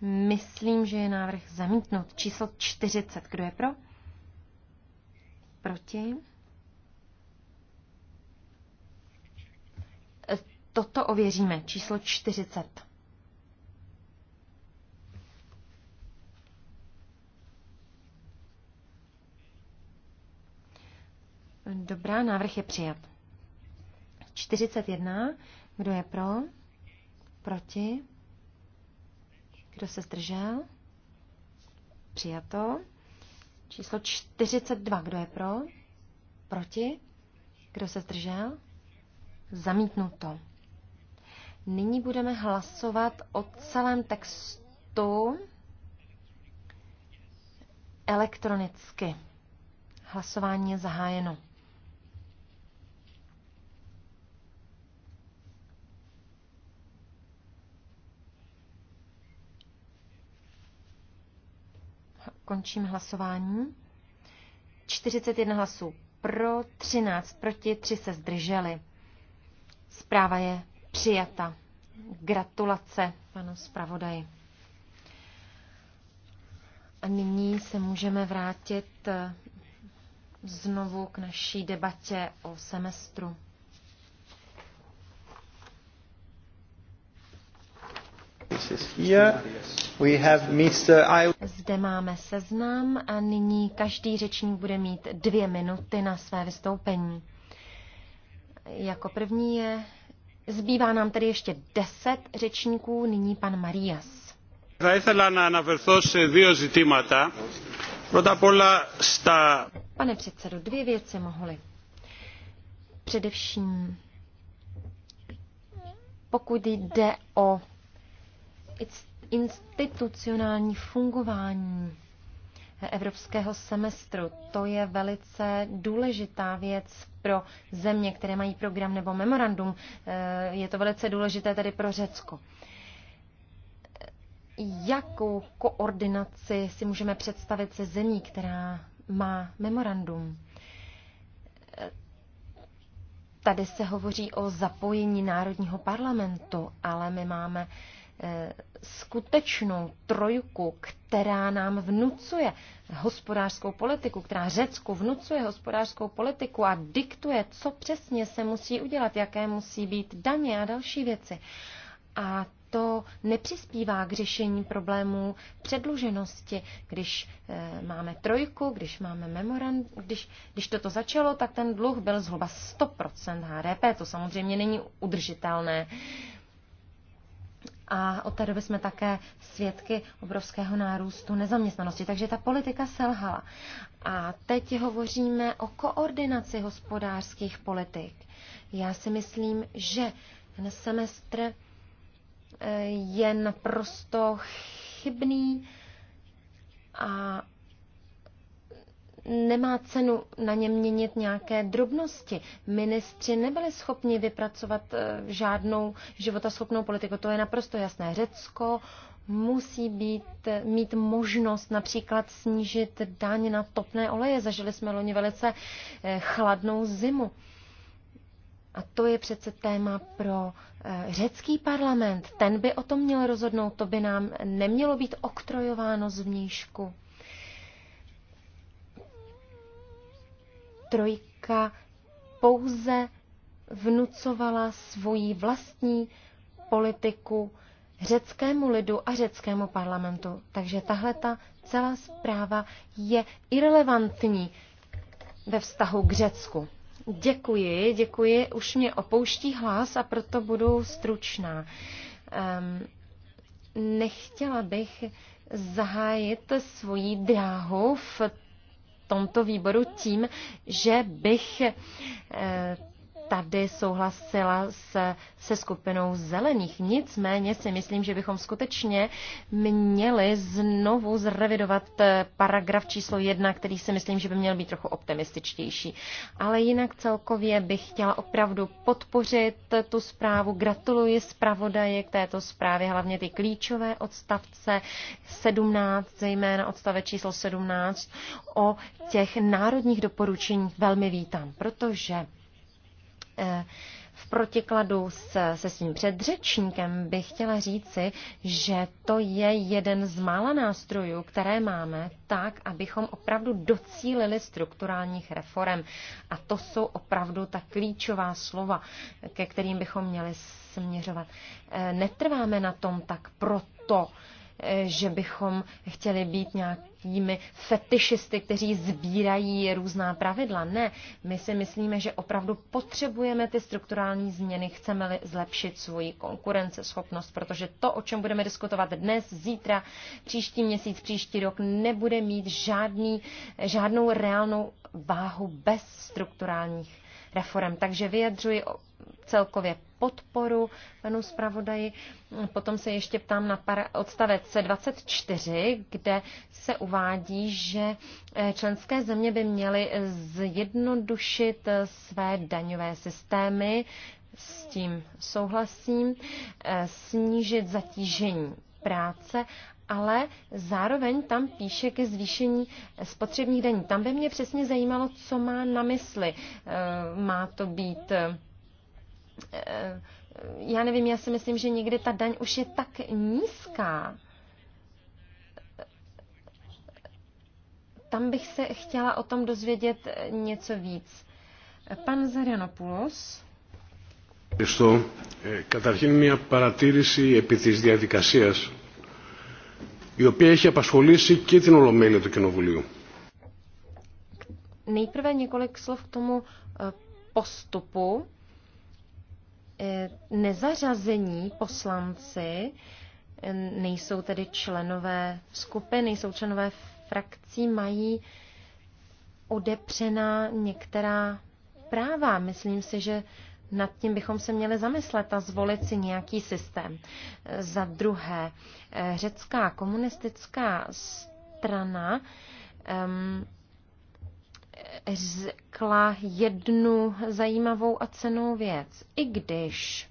Myslím, že je návrh zamítnut. Číslo 40. Kdo je pro? Proti? E, toto ověříme. Číslo 40. Dobrá, návrh je přijat. 41. Kdo je pro? Proti? Kdo se zdržel? Přijato. Číslo 42. Kdo je pro? Proti? Kdo se zdržel? Zamítnuto. Nyní budeme hlasovat o celém textu elektronicky. Hlasování je zahájeno. Končím hlasování. 41 hlasů pro, 13 proti, 3 se zdrželi. Zpráva je přijata. Gratulace panu zpravodaji. A nyní se můžeme vrátit eh, znovu k naší debatě o semestru. Zde máme seznam a nyní každý řečník bude mít dvě minuty na své vystoupení. Jako první je, zbývá nám tedy ještě deset řečníků, nyní pan Marias. Pane předsedo, dvě věci mohly. Především, pokud jde o institucionální fungování evropského semestru. To je velice důležitá věc pro země, které mají program nebo memorandum. Eh, je to velice důležité tedy pro Řecko. Jakou koordinaci si můžeme představit se zemí, která má memorandum? Eh, tady se hovoří o zapojení Národního parlamentu, ale my máme uh, Eh, skutečnou trojku, která nám vnucuje hospodářskou politiku, která Řecku vnucuje hospodářskou politiku a diktuje, co přesně se musí udělat, jaké musí být daně a další věci. A to nepřispívá k řešení problémů předluženosti. Když e, máme trojku, když máme memorand, když, když toto začalo, tak ten dluh byl zhruba 100% HDP. To samozřejmě není udržitelné. E, a od té doby jsme také svědky obrovského nárůstu nezaměstnanosti. Takže ta politika selhala. A teď hovoříme o koordinaci hospodářských politik. Já si myslím, že ten semestr eh, je naprosto chybný a nemá cenu na ně měnit nějaké drobnosti. Ministři nebyli schopni vypracovat eh, žádnou životaschopnou politiku, to je naprosto jasné. Řecko musí být, eh, mít možnost například snížit daň na topné oleje. Zažili jsme loni velice eh, chladnou zimu. A to je přece téma pro řecký parlament. Ten by o tom měl rozhodnout, to by nám nemělo být oktrojováno zvnějšku. trojka pouze vnucovala svoji vlastní politiku řeckému lidu a řeckému parlamentu. Takže tahle ta celá zpráva je irrelevantní ve vztahu k Řecku. Děkuji, děkuji. Už mě opouští hlas a proto budu stručná. Um, nechtěla bych zahájit svoji dráhu v tomto výboru tím, že bych eh, tady souhlasila se, se skupinou zelených. Nicméně si myslím, že bychom skutečně měli znovu zrevidovat eh, paragraf číslo jedna, který si myslím, že by měl být trochu optimističtější. Ale jinak celkově bych chtěla opravdu podpořit tu zprávu. Gratuluji zpravodaji k této zprávě, hlavně ty klíčové odstavce 17, zejména odstave číslo 17 o těch národních doporučení velmi vítám, protože Eh, v protikladu se, se svým předřečníkem bych chtěla říci, že to je jeden z mála nástrojů, které máme tak, abychom opravdu docílili strukturálních reform. A to jsou opravdu ta klíčová slova, ke kterým bychom měli směřovat. Eh, netrváme na tom tak proto, že bychom chtěli být nějakými fetišisty, kteří sbírají různá pravidla. Ne, my si myslíme, že opravdu potřebujeme ty strukturální změny, chceme-li zlepšit svoji konkurenceschopnost, protože to, o čem budeme diskutovat dnes, zítra, příští měsíc, příští rok, nebude mít žádný, žádnou reálnou váhu bez strukturálních reform. Takže vyjadřuji celkově podporu panu zpravodaji. Potom se ještě ptám na para, odstavec 24, kde se uvádí, že eh, členské země by měly zjednodušit eh, své daňové systémy, s tím souhlasím, eh, snížit zatížení práce ale zároveň tam píše ke zvýšení spotřebních daní. Tam by mě přesně zajímalo, co má na mysli. Eh, má to být eh, eh, já nevím, já si myslím, že někdy ta daň už je tak nízká. Tam bych se chtěla o tom dozvědět něco víc. Pan Zarianopoulos. Ευχαριστώ. Ε, καταρχήν μια παρατήρηση επί της διαδικασίας η οποία έχει απασχολήσει και την Ολομέλεια του Κοινοβουλίου. Nejprve několik slov k eh, eh, Nezařazení poslanci eh, nejsou tedy členové skupiny, nejsou členové frakcí, mají odepřená některá práva. Myslím si, že nad tím bychom se měli zamyslet a zvolit si nějaký systém. Za druhé, eh, řecká komunistická strana um, řekla jednu zajímavou a cenou věc. I když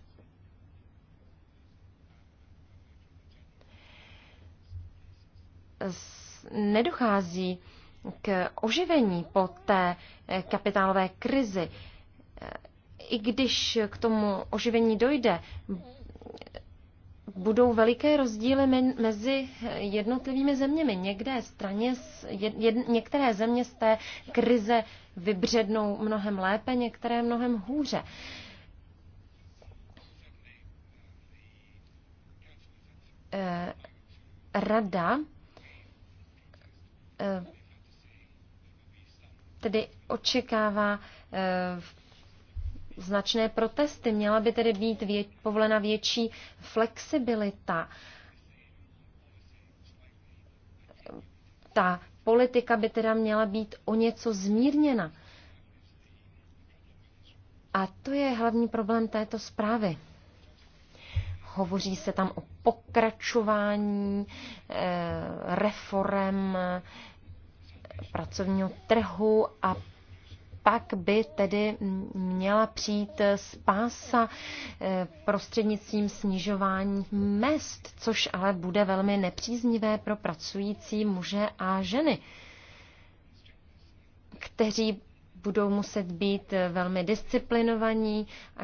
nedochází k oživení po té eh, kapitálové krizi, i když k tomu oživení dojde, budou veliké rozdíly mezi jednotlivými zeměmi. Někde straně, některé země z té krize vybřednou mnohem lépe, některé mnohem hůře. Eh, rada eh, tedy očekává eh, v značné protesty. Měla by tedy být vě- povolena větší flexibilita. Ta politika by teda měla být o něco zmírněna. A to je hlavní problém této zprávy. Hovoří se tam o pokračování eh, reform eh, pracovního trhu a pak by tedy měla přijít spása eh, prostřednictvím snižování mest, což ale bude velmi nepříznivé pro pracující muže a ženy, kteří budou muset být velmi disciplinovaní a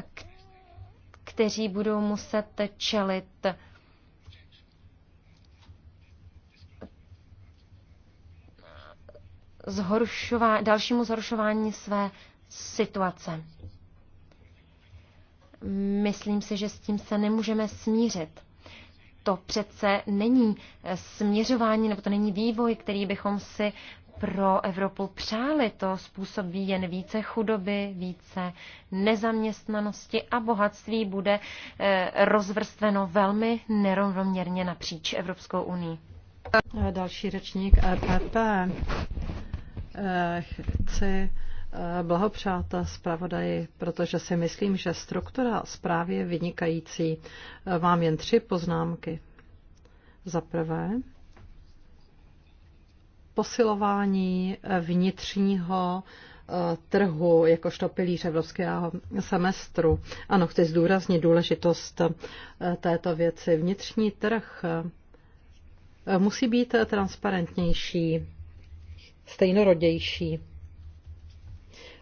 kteří budou muset čelit zhoršová, dalšímu zhoršování své situace. Myslím si, že s tím se nemůžeme smířit. To přece není směřování, nebo to není vývoj, který bychom si pro Evropu přáli. To způsobí jen více chudoby, více nezaměstnanosti a bohatství bude eh, rozvrstveno velmi nerovnoměrně napříč Evropskou unii. Další řečník Eh, chci eh, blahopřát zpravodaji, protože si myslím, že struktura zprávy je vynikající. Eh, mám jen tři poznámky. Za prvé, posilování vnitřního trhu jakožto pilíř evropského semestru. Ano, chci zdůraznit důležitost této věci. Vnitřní trh musí být transparentnější stejnorodější.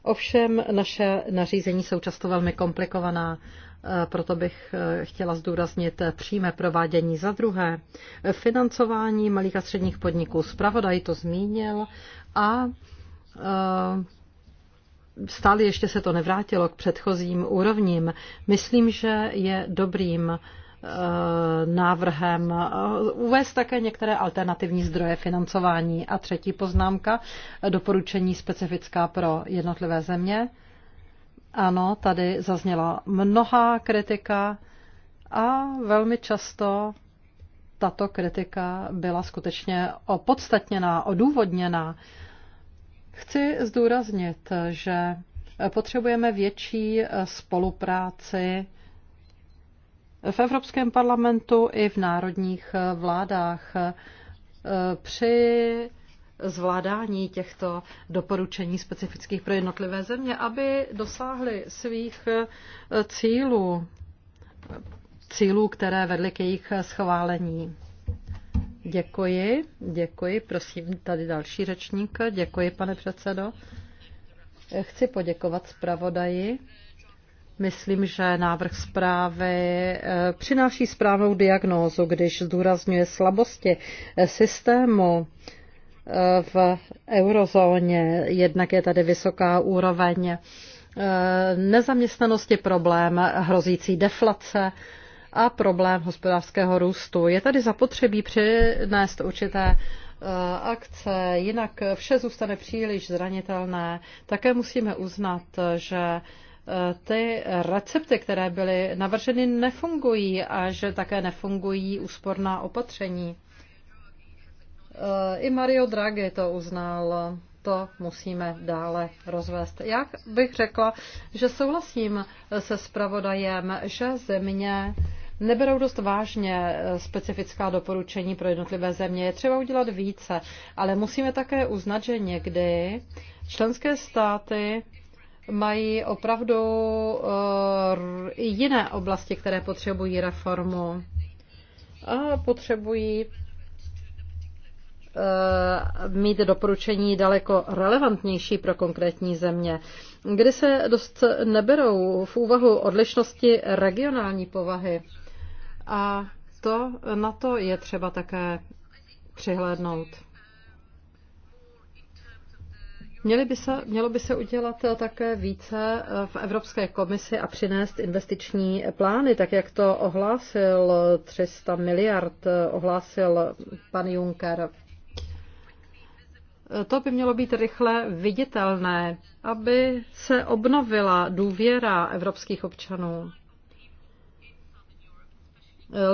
Ovšem naše nařízení jsou často velmi komplikovaná, e, proto bych e, chtěla zdůraznit e, přímé provádění. Za druhé, financování malých a středních podniků. Spravodaj to zmínil a stále ještě se to nevrátilo k předchozím úrovním. Myslím, že je dobrým Eh, návrhem eh, uvést také některé alternativní zdroje financování. A třetí poznámka, doporučení specifická pro jednotlivé země. Ano, tady zazněla mnohá kritika a velmi často tato kritika byla skutečně opodstatněná, odůvodněná. Chci zdůraznit, že potřebujeme větší spolupráci v Evropském parlamentu i v národních eh, vládách eh, při zvládání těchto doporučení specifických pro jednotlivé země, aby dosáhly svých eh, cílů, cílů, které vedly k jejich schválení. Děkuji, děkuji, prosím, tady další řečník. Děkuji, pane předsedo. Chci poděkovat zpravodaji Myslím, že návrh zprávy eh, přináší správnou diagnózu, když zdůrazňuje slabosti eh, systému eh, v eurozóně. Jednak je tady vysoká úroveň nezaměstnanosti, problém hrozící deflace a problém hospodářského růstu. Je tady zapotřebí přinést určité akce, jinak vše zůstane příliš zranitelné. Také musíme uznat, že ty recepty, které byly navrženy, nefungují a že také nefungují úsporná opatření. E, I Mario Draghi to uznal. To musíme dále rozvést. Já bych řekla, že souhlasím se zpravodajem, že země neberou dost vážně specifická doporučení pro jednotlivé země. Je třeba udělat více, ale musíme také uznat, že někdy členské státy mají opravdu eh, i jiné oblasti, které potřebují reformu a potřebují eh, mít doporučení daleko relevantnější pro konkrétní země, kdy se dost neberou v úvahu odlišnosti regionální povahy. A to na to je třeba také přihlédnout. Měli by se, mělo by se udělat eh, také více eh, v Evropské komisi a přinést investiční plány, tak jak to ohlásil 300 eh, miliard, ohlásil pan Juncker. To by mělo být rychle viditelné, aby se obnovila důvěra evropských občanů.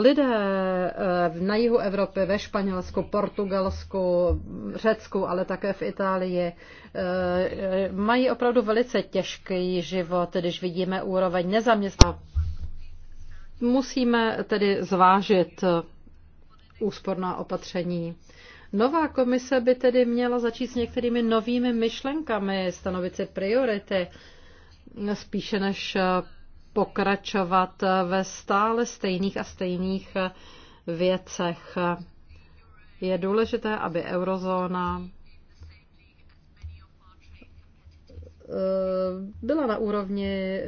Lidé eh, na jihu Evropy, ve Španělsku, Portugalsku, Řecku, ale také v Itálii eh, mají opravdu velice těžký život, když vidíme úroveň nezaměstnanosti. Musíme tedy zvážit eh, úsporná opatření. Nová komise by tedy měla začít s některými novými myšlenkami, stanovit si priority, spíše než pokračovat ve stále stejných a stejných věcech. Je důležité, aby eurozóna eh, byla na úrovni eh,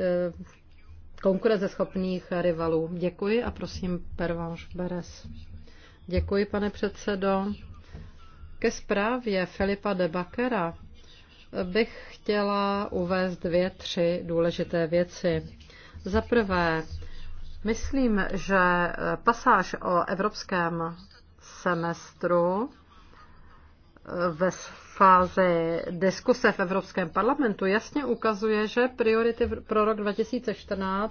konkurenceschopných rivalů. Děkuji a prosím Pervanš Beres. Děkuji, pane předsedo. Ke zprávě Filipa de Bakera bych chtěla uvést dvě, tři důležité věci. Za prvé, myslím, že pasáž o evropském semestru eh, ve fázi diskuse v Evropském parlamentu jasně ukazuje, že priority pro rok 2014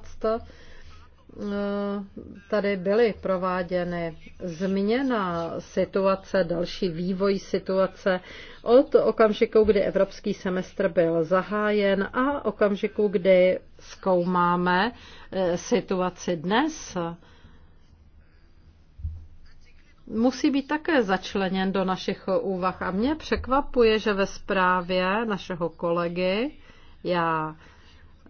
Eh, tady byly prováděny. Změna situace, další vývoj situace od okamžiku, kdy evropský semestr byl zahájen a okamžiku, kdy zkoumáme eh, situaci dnes, musí být také začleněn do našich úvah. A mě překvapuje, že ve zprávě našeho kolegy já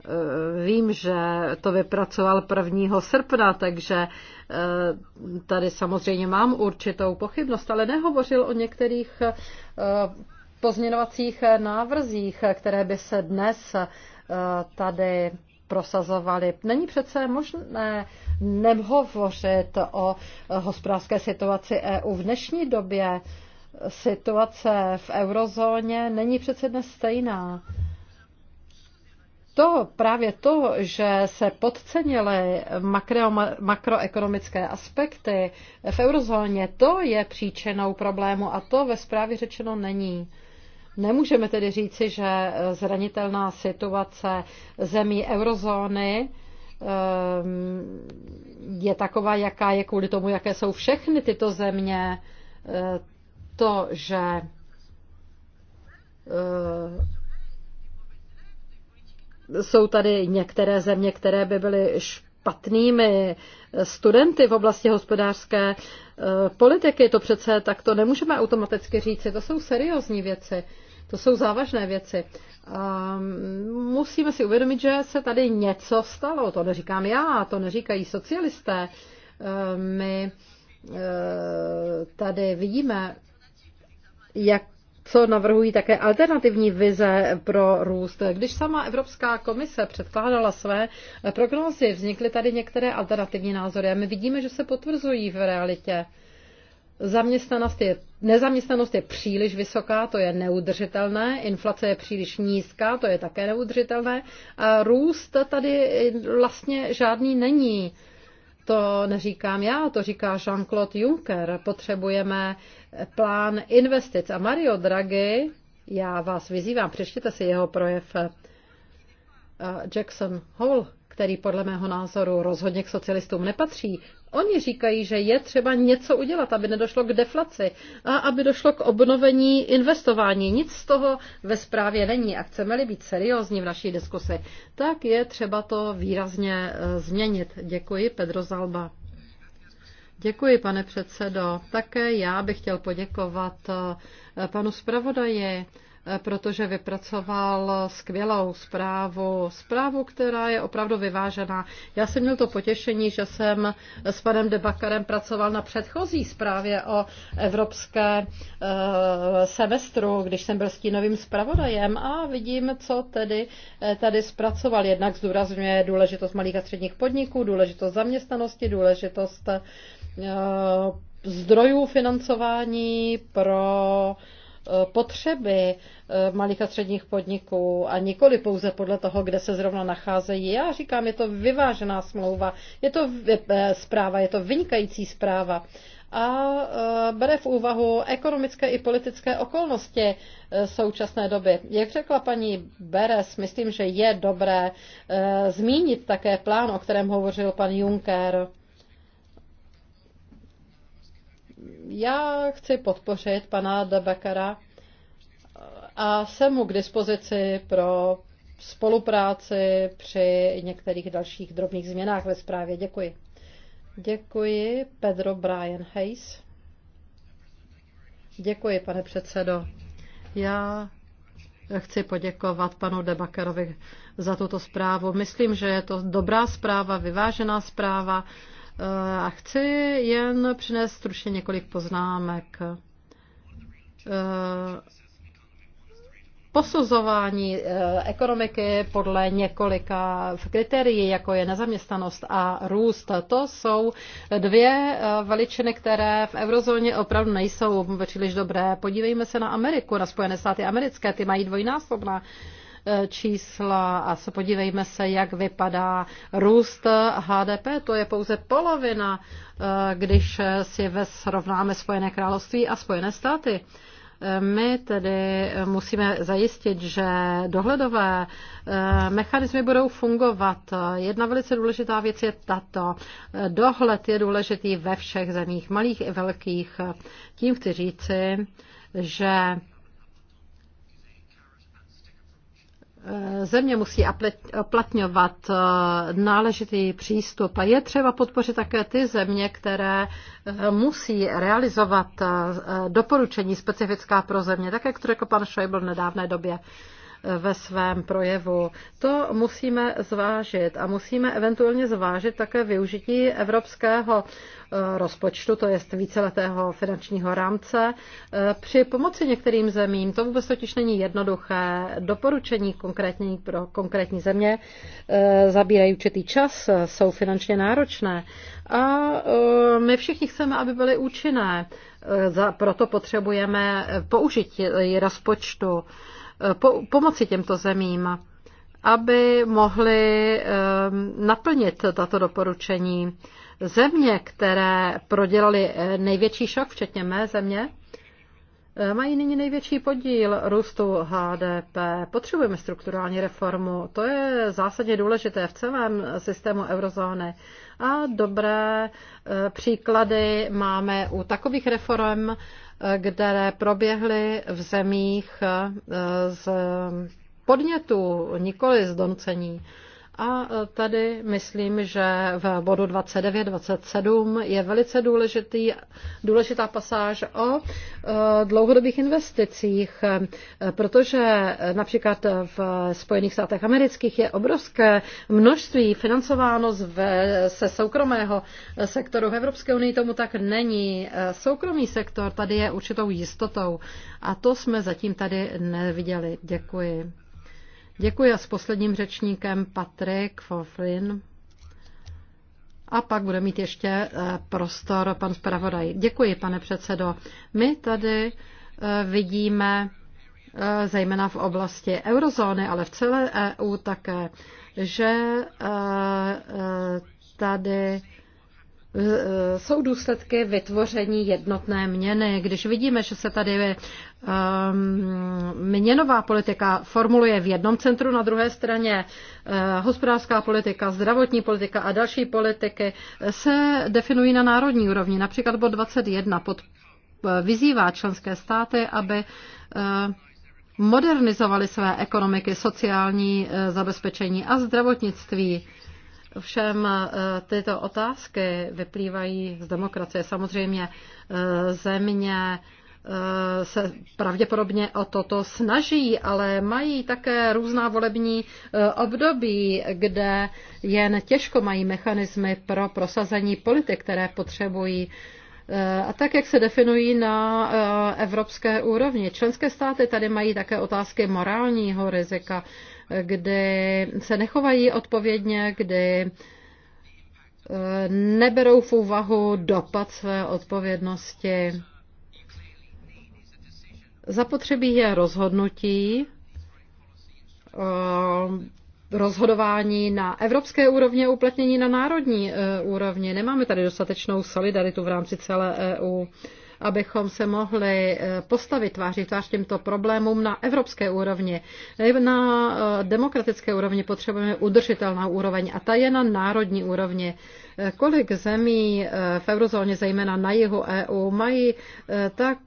Eh, vím, že to vypracoval 1. srpna, takže eh, tady samozřejmě mám určitou pochybnost, ale nehovořil o některých eh, pozměňovacích návrzích, které by se dnes tady prosazovali. Není přece možné nehovořit o hospodářské situaci EU v dnešní době. Situace v eurozóně není přece dnes stejná to právě to, že se podcenily makro, makroekonomické aspekty v eurozóně, to je příčinou problému a to ve zprávě řečeno není. Nemůžeme tedy říci, že zranitelná situace zemí eurozóny ehm, je taková, jaká je kvůli tomu, jaké jsou všechny tyto země. Ehm, to, že ehm, jsou tady některé země, které by byly špatnými studenty v oblasti hospodářské eh, politiky. To přece takto nemůžeme automaticky říci. To jsou seriózní věci. To jsou závažné věci. A mm, musíme si uvědomit, že se tady něco stalo. To neříkám já, to neříkají socialisté. Eh, my eh, tady vidíme, jak co navrhují také alternativní vize pro růst. Když sama Evropská komise předkládala své prognózy, vznikly tady některé alternativní názory a my vidíme, že se potvrzují v realitě. Zaměstnanost je, nezaměstnanost je příliš vysoká, to je neudržitelné, inflace je příliš nízká, to je také neudržitelné a růst tady vlastně žádný není. To neříkám já, to říká Jean-Claude Juncker. Potřebujeme plán investic. A Mario Draghi, já vás vyzývám, přečtěte si jeho projev eh, Jackson Hole, který podle mého názoru rozhodně k socialistům nepatří. Oni říkají, že je třeba něco udělat, aby nedošlo k deflaci a aby došlo k obnovení investování. Nic z toho ve zprávě není a chceme-li být seriózní v naší diskusi, tak je třeba to výrazně eh, změnit. Děkuji, Pedro Zalba. Děkuji, pane předsedo. Také já bych chtěl poděkovat eh, panu zpravodaji, eh, protože vypracoval skvělou zprávu, zprávu, která je opravdu vyvážená. Já jsem měl to potěšení, že jsem s panem Debakarem pracoval na předchozí zprávě o evropské eh, semestru, když jsem byl stínovým zpravodajem a vidím, co tedy tady zpracoval. Jednak zdůrazňuje důležitost malých a středních podniků, důležitost zaměstnanosti, důležitost Eh, zdrojů financování pro eh, potřeby eh, malých a středních podniků a nikoli pouze podle toho, kde se zrovna nacházejí. Já říkám, je to vyvážená smlouva, je to zpráva, je to vynikající zpráva a bere v úvahu ekonomické i politické okolnosti současné doby. Jak řekla paní Beres, myslím, že je dobré zmínit také plán, o kterém hovořil pan Juncker já chci podpořit pana Debekara a jsem mu k dispozici pro spolupráci při některých dalších drobných změnách ve zprávě. Děkuji. Děkuji Pedro Brian Hayes. Děkuji, pane předsedo. Já chci poděkovat panu Debakerovi za tuto zprávu. Myslím, že je to dobrá zpráva, vyvážená zpráva Eh, a chci jen přinést stručně několik poznámek. Eh, posuzování eh, ekonomiky podle několika kritérií, jako je nezaměstnanost a růst, to jsou dvě veličiny, které v eurozóně opravdu nejsou příliš dobré. Podívejme se na Ameriku, na Spojené státy americké, ty mají dvojnásobná Eh, čísla a se podívejme se, jak vypadá růst HDP. To je pouze polovina, eh, když si ve srovnáme Spojené království a Spojené státy. Eh, my tedy musíme zajistit, že dohledové mechanismy budou fungovat. Jedna velice důležitá věc je tato. Dohled je důležitý ve všech zemích, malých i velkých. Tím chci říci, že Eh, země musí uplatňovat eh, náležitý přístup a je třeba podpořit také ty země, které eh, musí realizovat doporučení specifická pro země, tak jak to řekl pan Schäuble v nedávné době ve svém projevu. To musíme zvážit a musíme eventuálně zvážit také využití evropského eh, rozpočtu, to je víceletého finančního rámce, eh, při pomoci některým zemím. To vůbec totiž není jednoduché. Doporučení konkrétní pro konkrétní země eh, zabírají určitý čas, jsou finančně náročné a my všichni chceme, aby byly účinné. Proto potřebujeme použití rozpočtu pomoci těmto zemím, aby mohli ehm, naplnit tato doporučení. Země, které prodělaly eh, největší šok, včetně mé země, eh, mají nyní největší podíl růstu HDP. Potřebujeme strukturální reformu. To je zásadně důležité v celém systému eurozóny. A dobré eh, příklady máme u takových reform, které proběhly v zemích eh, z podnětu, nikoli z doncení. A e, tady myslím, že v bodu 29-27 je velice důležitý, důležitá pasáž o e, dlouhodobých investicích, e, protože například v Spojených státech amerických je obrovské množství financováno se soukromého sektoru. V Evropské unii tomu tak není. Soukromý sektor tady je určitou jistotou a to jsme zatím tady neviděli. Děkuji. Děkuji a s posledním řečníkem Patrik Fofrin. A pak bude mít ještě eh, prostor pan zpravodaj. Děkuji, pane předsedo. My tady eh, vidíme eh, zejména v oblasti eurozóny, ale v celé EU také, že tady Eh, jsou důsledky vytvoření jednotné měny. Když vidíme, že se tady ehm, měnová politika formuluje v jednom centru, na druhé straně eh, hospodářská politika, zdravotní politika a další politiky eh, se definují na národní úrovni. Například bod 21 pod, vyzývá členské státy, aby modernizovali své ekonomiky, sociální zabezpečení a zdravotnictví Ovšem eh, tyto otázky vyplývají z demokracie. Samozřejmě eh, země eh, se pravděpodobně o toto snaží, ale mají také různá volební období, kde jen těžko mají mechanismy pro prosazení politik, které potřebují. A tak, jak se definují na evropské úrovni. Členské státy tady mají také otázky morálního rizika kdy se nechovají odpovědně, kdy eh, neberou v úvahu dopad své odpovědnosti. Zapotřebí je rozhodnutí, eh, rozhodování na evropské úrovni a uplatnění na národní eh, úrovni. Nemáme tady dostatečnou solidaritu v rámci celé EU abychom se mohli eh, postavit tváří tvář těmto problémům na evropské úrovni. Eh, na eh, demokratické úrovni potřebujeme udržitelná úroveň a ta je na národní úrovni. Kolik zemí v eurozóně, zejména na jihu EU, mají tak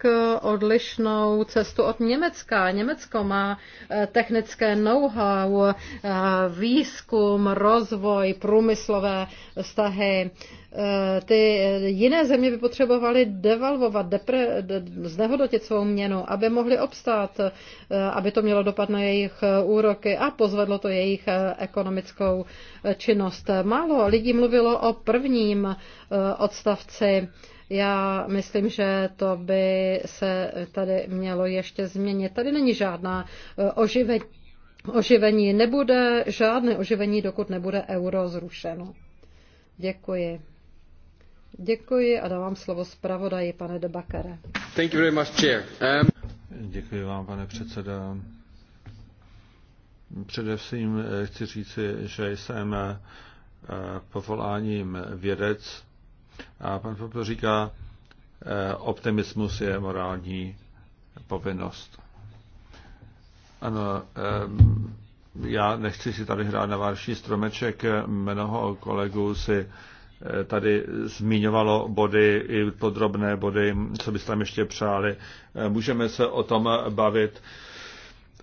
odlišnou cestu od Německa. Německo má technické know-how, výzkum, rozvoj, průmyslové vztahy, Eh, ty eh, jiné země by potřebovaly devalvovat, depre, znehodnotit svou měnu, aby mohly obstát, eh, aby to mělo dopad na jejich úroky a pozvedlo to jejich ekonomickou činnost. Málo lidí mluvilo o prvním odstavci. Já myslím, že to by se tady mělo ještě změnit. Tady není žádná oživení. Oživení nebude žádné oživení, dokud nebude euro zrušeno. Děkuji. Děkuji a dávám slovo zpravodaji, pane Debakere. Thank you very much, chair. Um... Děkuji vám, pane předseda. Především eh, chci říci, že jsem eh, povoláním vědec a pan Popel říká, eh, optimismus je morální povinnost. Ano, já nechci si tady hrát na váš stromeček, mnoho kolegů si Eh, tady zmiňovalo body, i podrobné body, co byste tam ještě přáli. Eh, můžeme se o tom bavit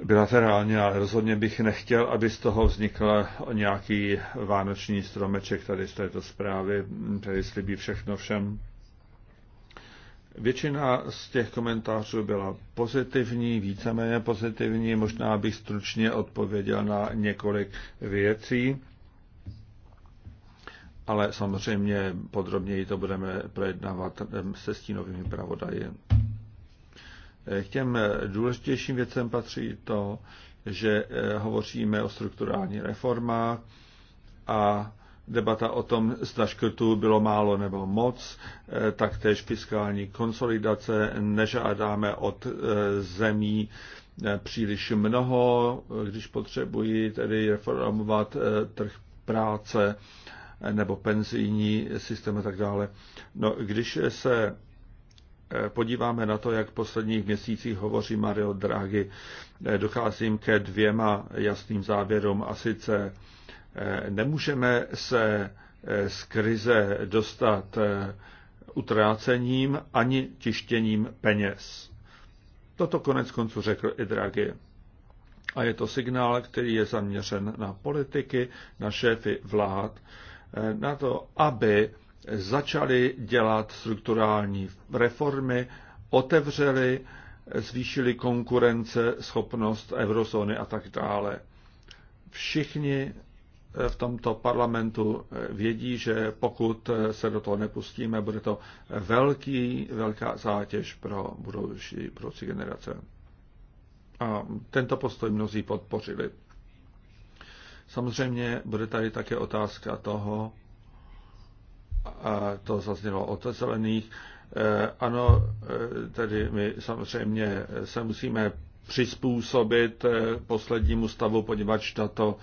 bilaterálně, ale rozhodně bych nechtěl, aby z toho vznikl nějaký vánoční stromeček tady z této zprávy, hm, který slibí všechno všem. Většina z těch komentářů byla pozitivní, víceméně pozitivní. Možná bych stručně odpověděl na několik věcí ale samozřejmě podrobněji to budeme projednávat se stínovými pravodaji. K těm eh, důležitějším věcem patří to, že eh, hovoříme o strukturální reformách a debata o tom, zda škrtů bylo málo nebo moc, eh, taktéž fiskální konsolidace, nežádáme od zemí příliš mnoho, když potřebují tedy reformovat trh práce nebo penzijní systém a tak dále. No, když se eh, podíváme na to, jak v posledních měsících hovoří Mario Draghi, eh, docházím ke dvěma jasným závěrům a sice eh, nemůžeme se z krize dostat utrácením ani tištěním peněz. Toto konec konců řekl i Draghi. A je to signál, který je zaměřen na politiky, na šéfy vlád, Eh, na to, aby začali dělat strukturální reformy, otevřeli, zvýšili konkurence, schopnost eurozóny a tak dále. Všichni eh, v tomto parlamentu eh, vědí, že pokud se do toho nepustíme, bude to velký, velká zátěž pro budoucí, budoucí generace. A tento postoj mnozí podpořili. Samozřejmě bude tady také otázka toho, a to zaznělo od zelených, eh, ano, eh, tedy my samozřejmě se musíme přizpůsobit eh, poslednímu stavu, poněvadž tato,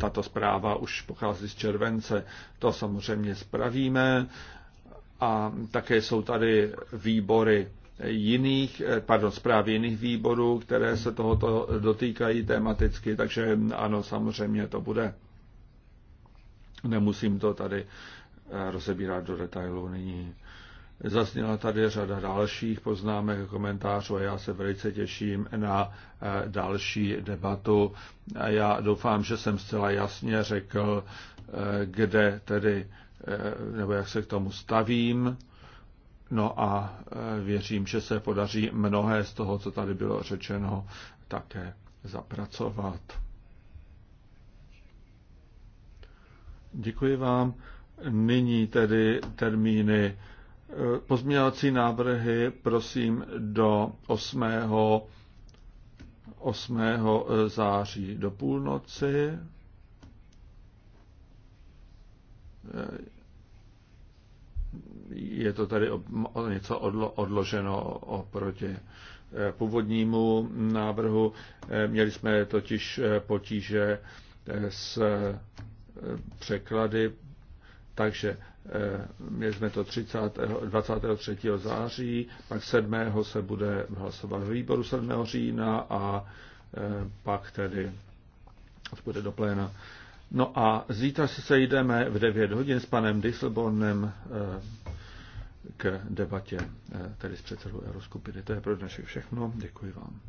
tato zpráva už pochází z července. To samozřejmě spravíme. A také jsou tady výbory jiných, eh, pardon, zprávy jiných výborů, které se tohoto dotýkají tematicky, takže ano, samozřejmě to bude. Nemusím to tady eh, rozebírat do detailu nyní. Zazněla tady řada dalších poznámek a komentářů a já se velice těším na eh, další debatu. já doufám, že jsem zcela jasně řekl, kde tedy, nebo jak se k tomu stavím No a e, věřím, že se podaří mnohé z toho, co tady bylo řečeno, také zapracovat. Děkuji vám. Nyní tedy termíny. E, pozměňovací návrhy prosím do 8. 8. září do půlnoci. E, je to tady něco odlo, odloženo oproti eh, původnímu návrhu. Eh, měli jsme totiž eh, potíže s překlady, takže měli jsme to 30, 23. září, pak 7. se bude hlasovat v výboru 7. října a pak tedy bude do pléna. No a zítra se sejdeme v 9 hodin s panem Disselbornem k debatě eh, tedy s předsedou Euroskupiny. To je pro dnešek všechno. Děkuji vám.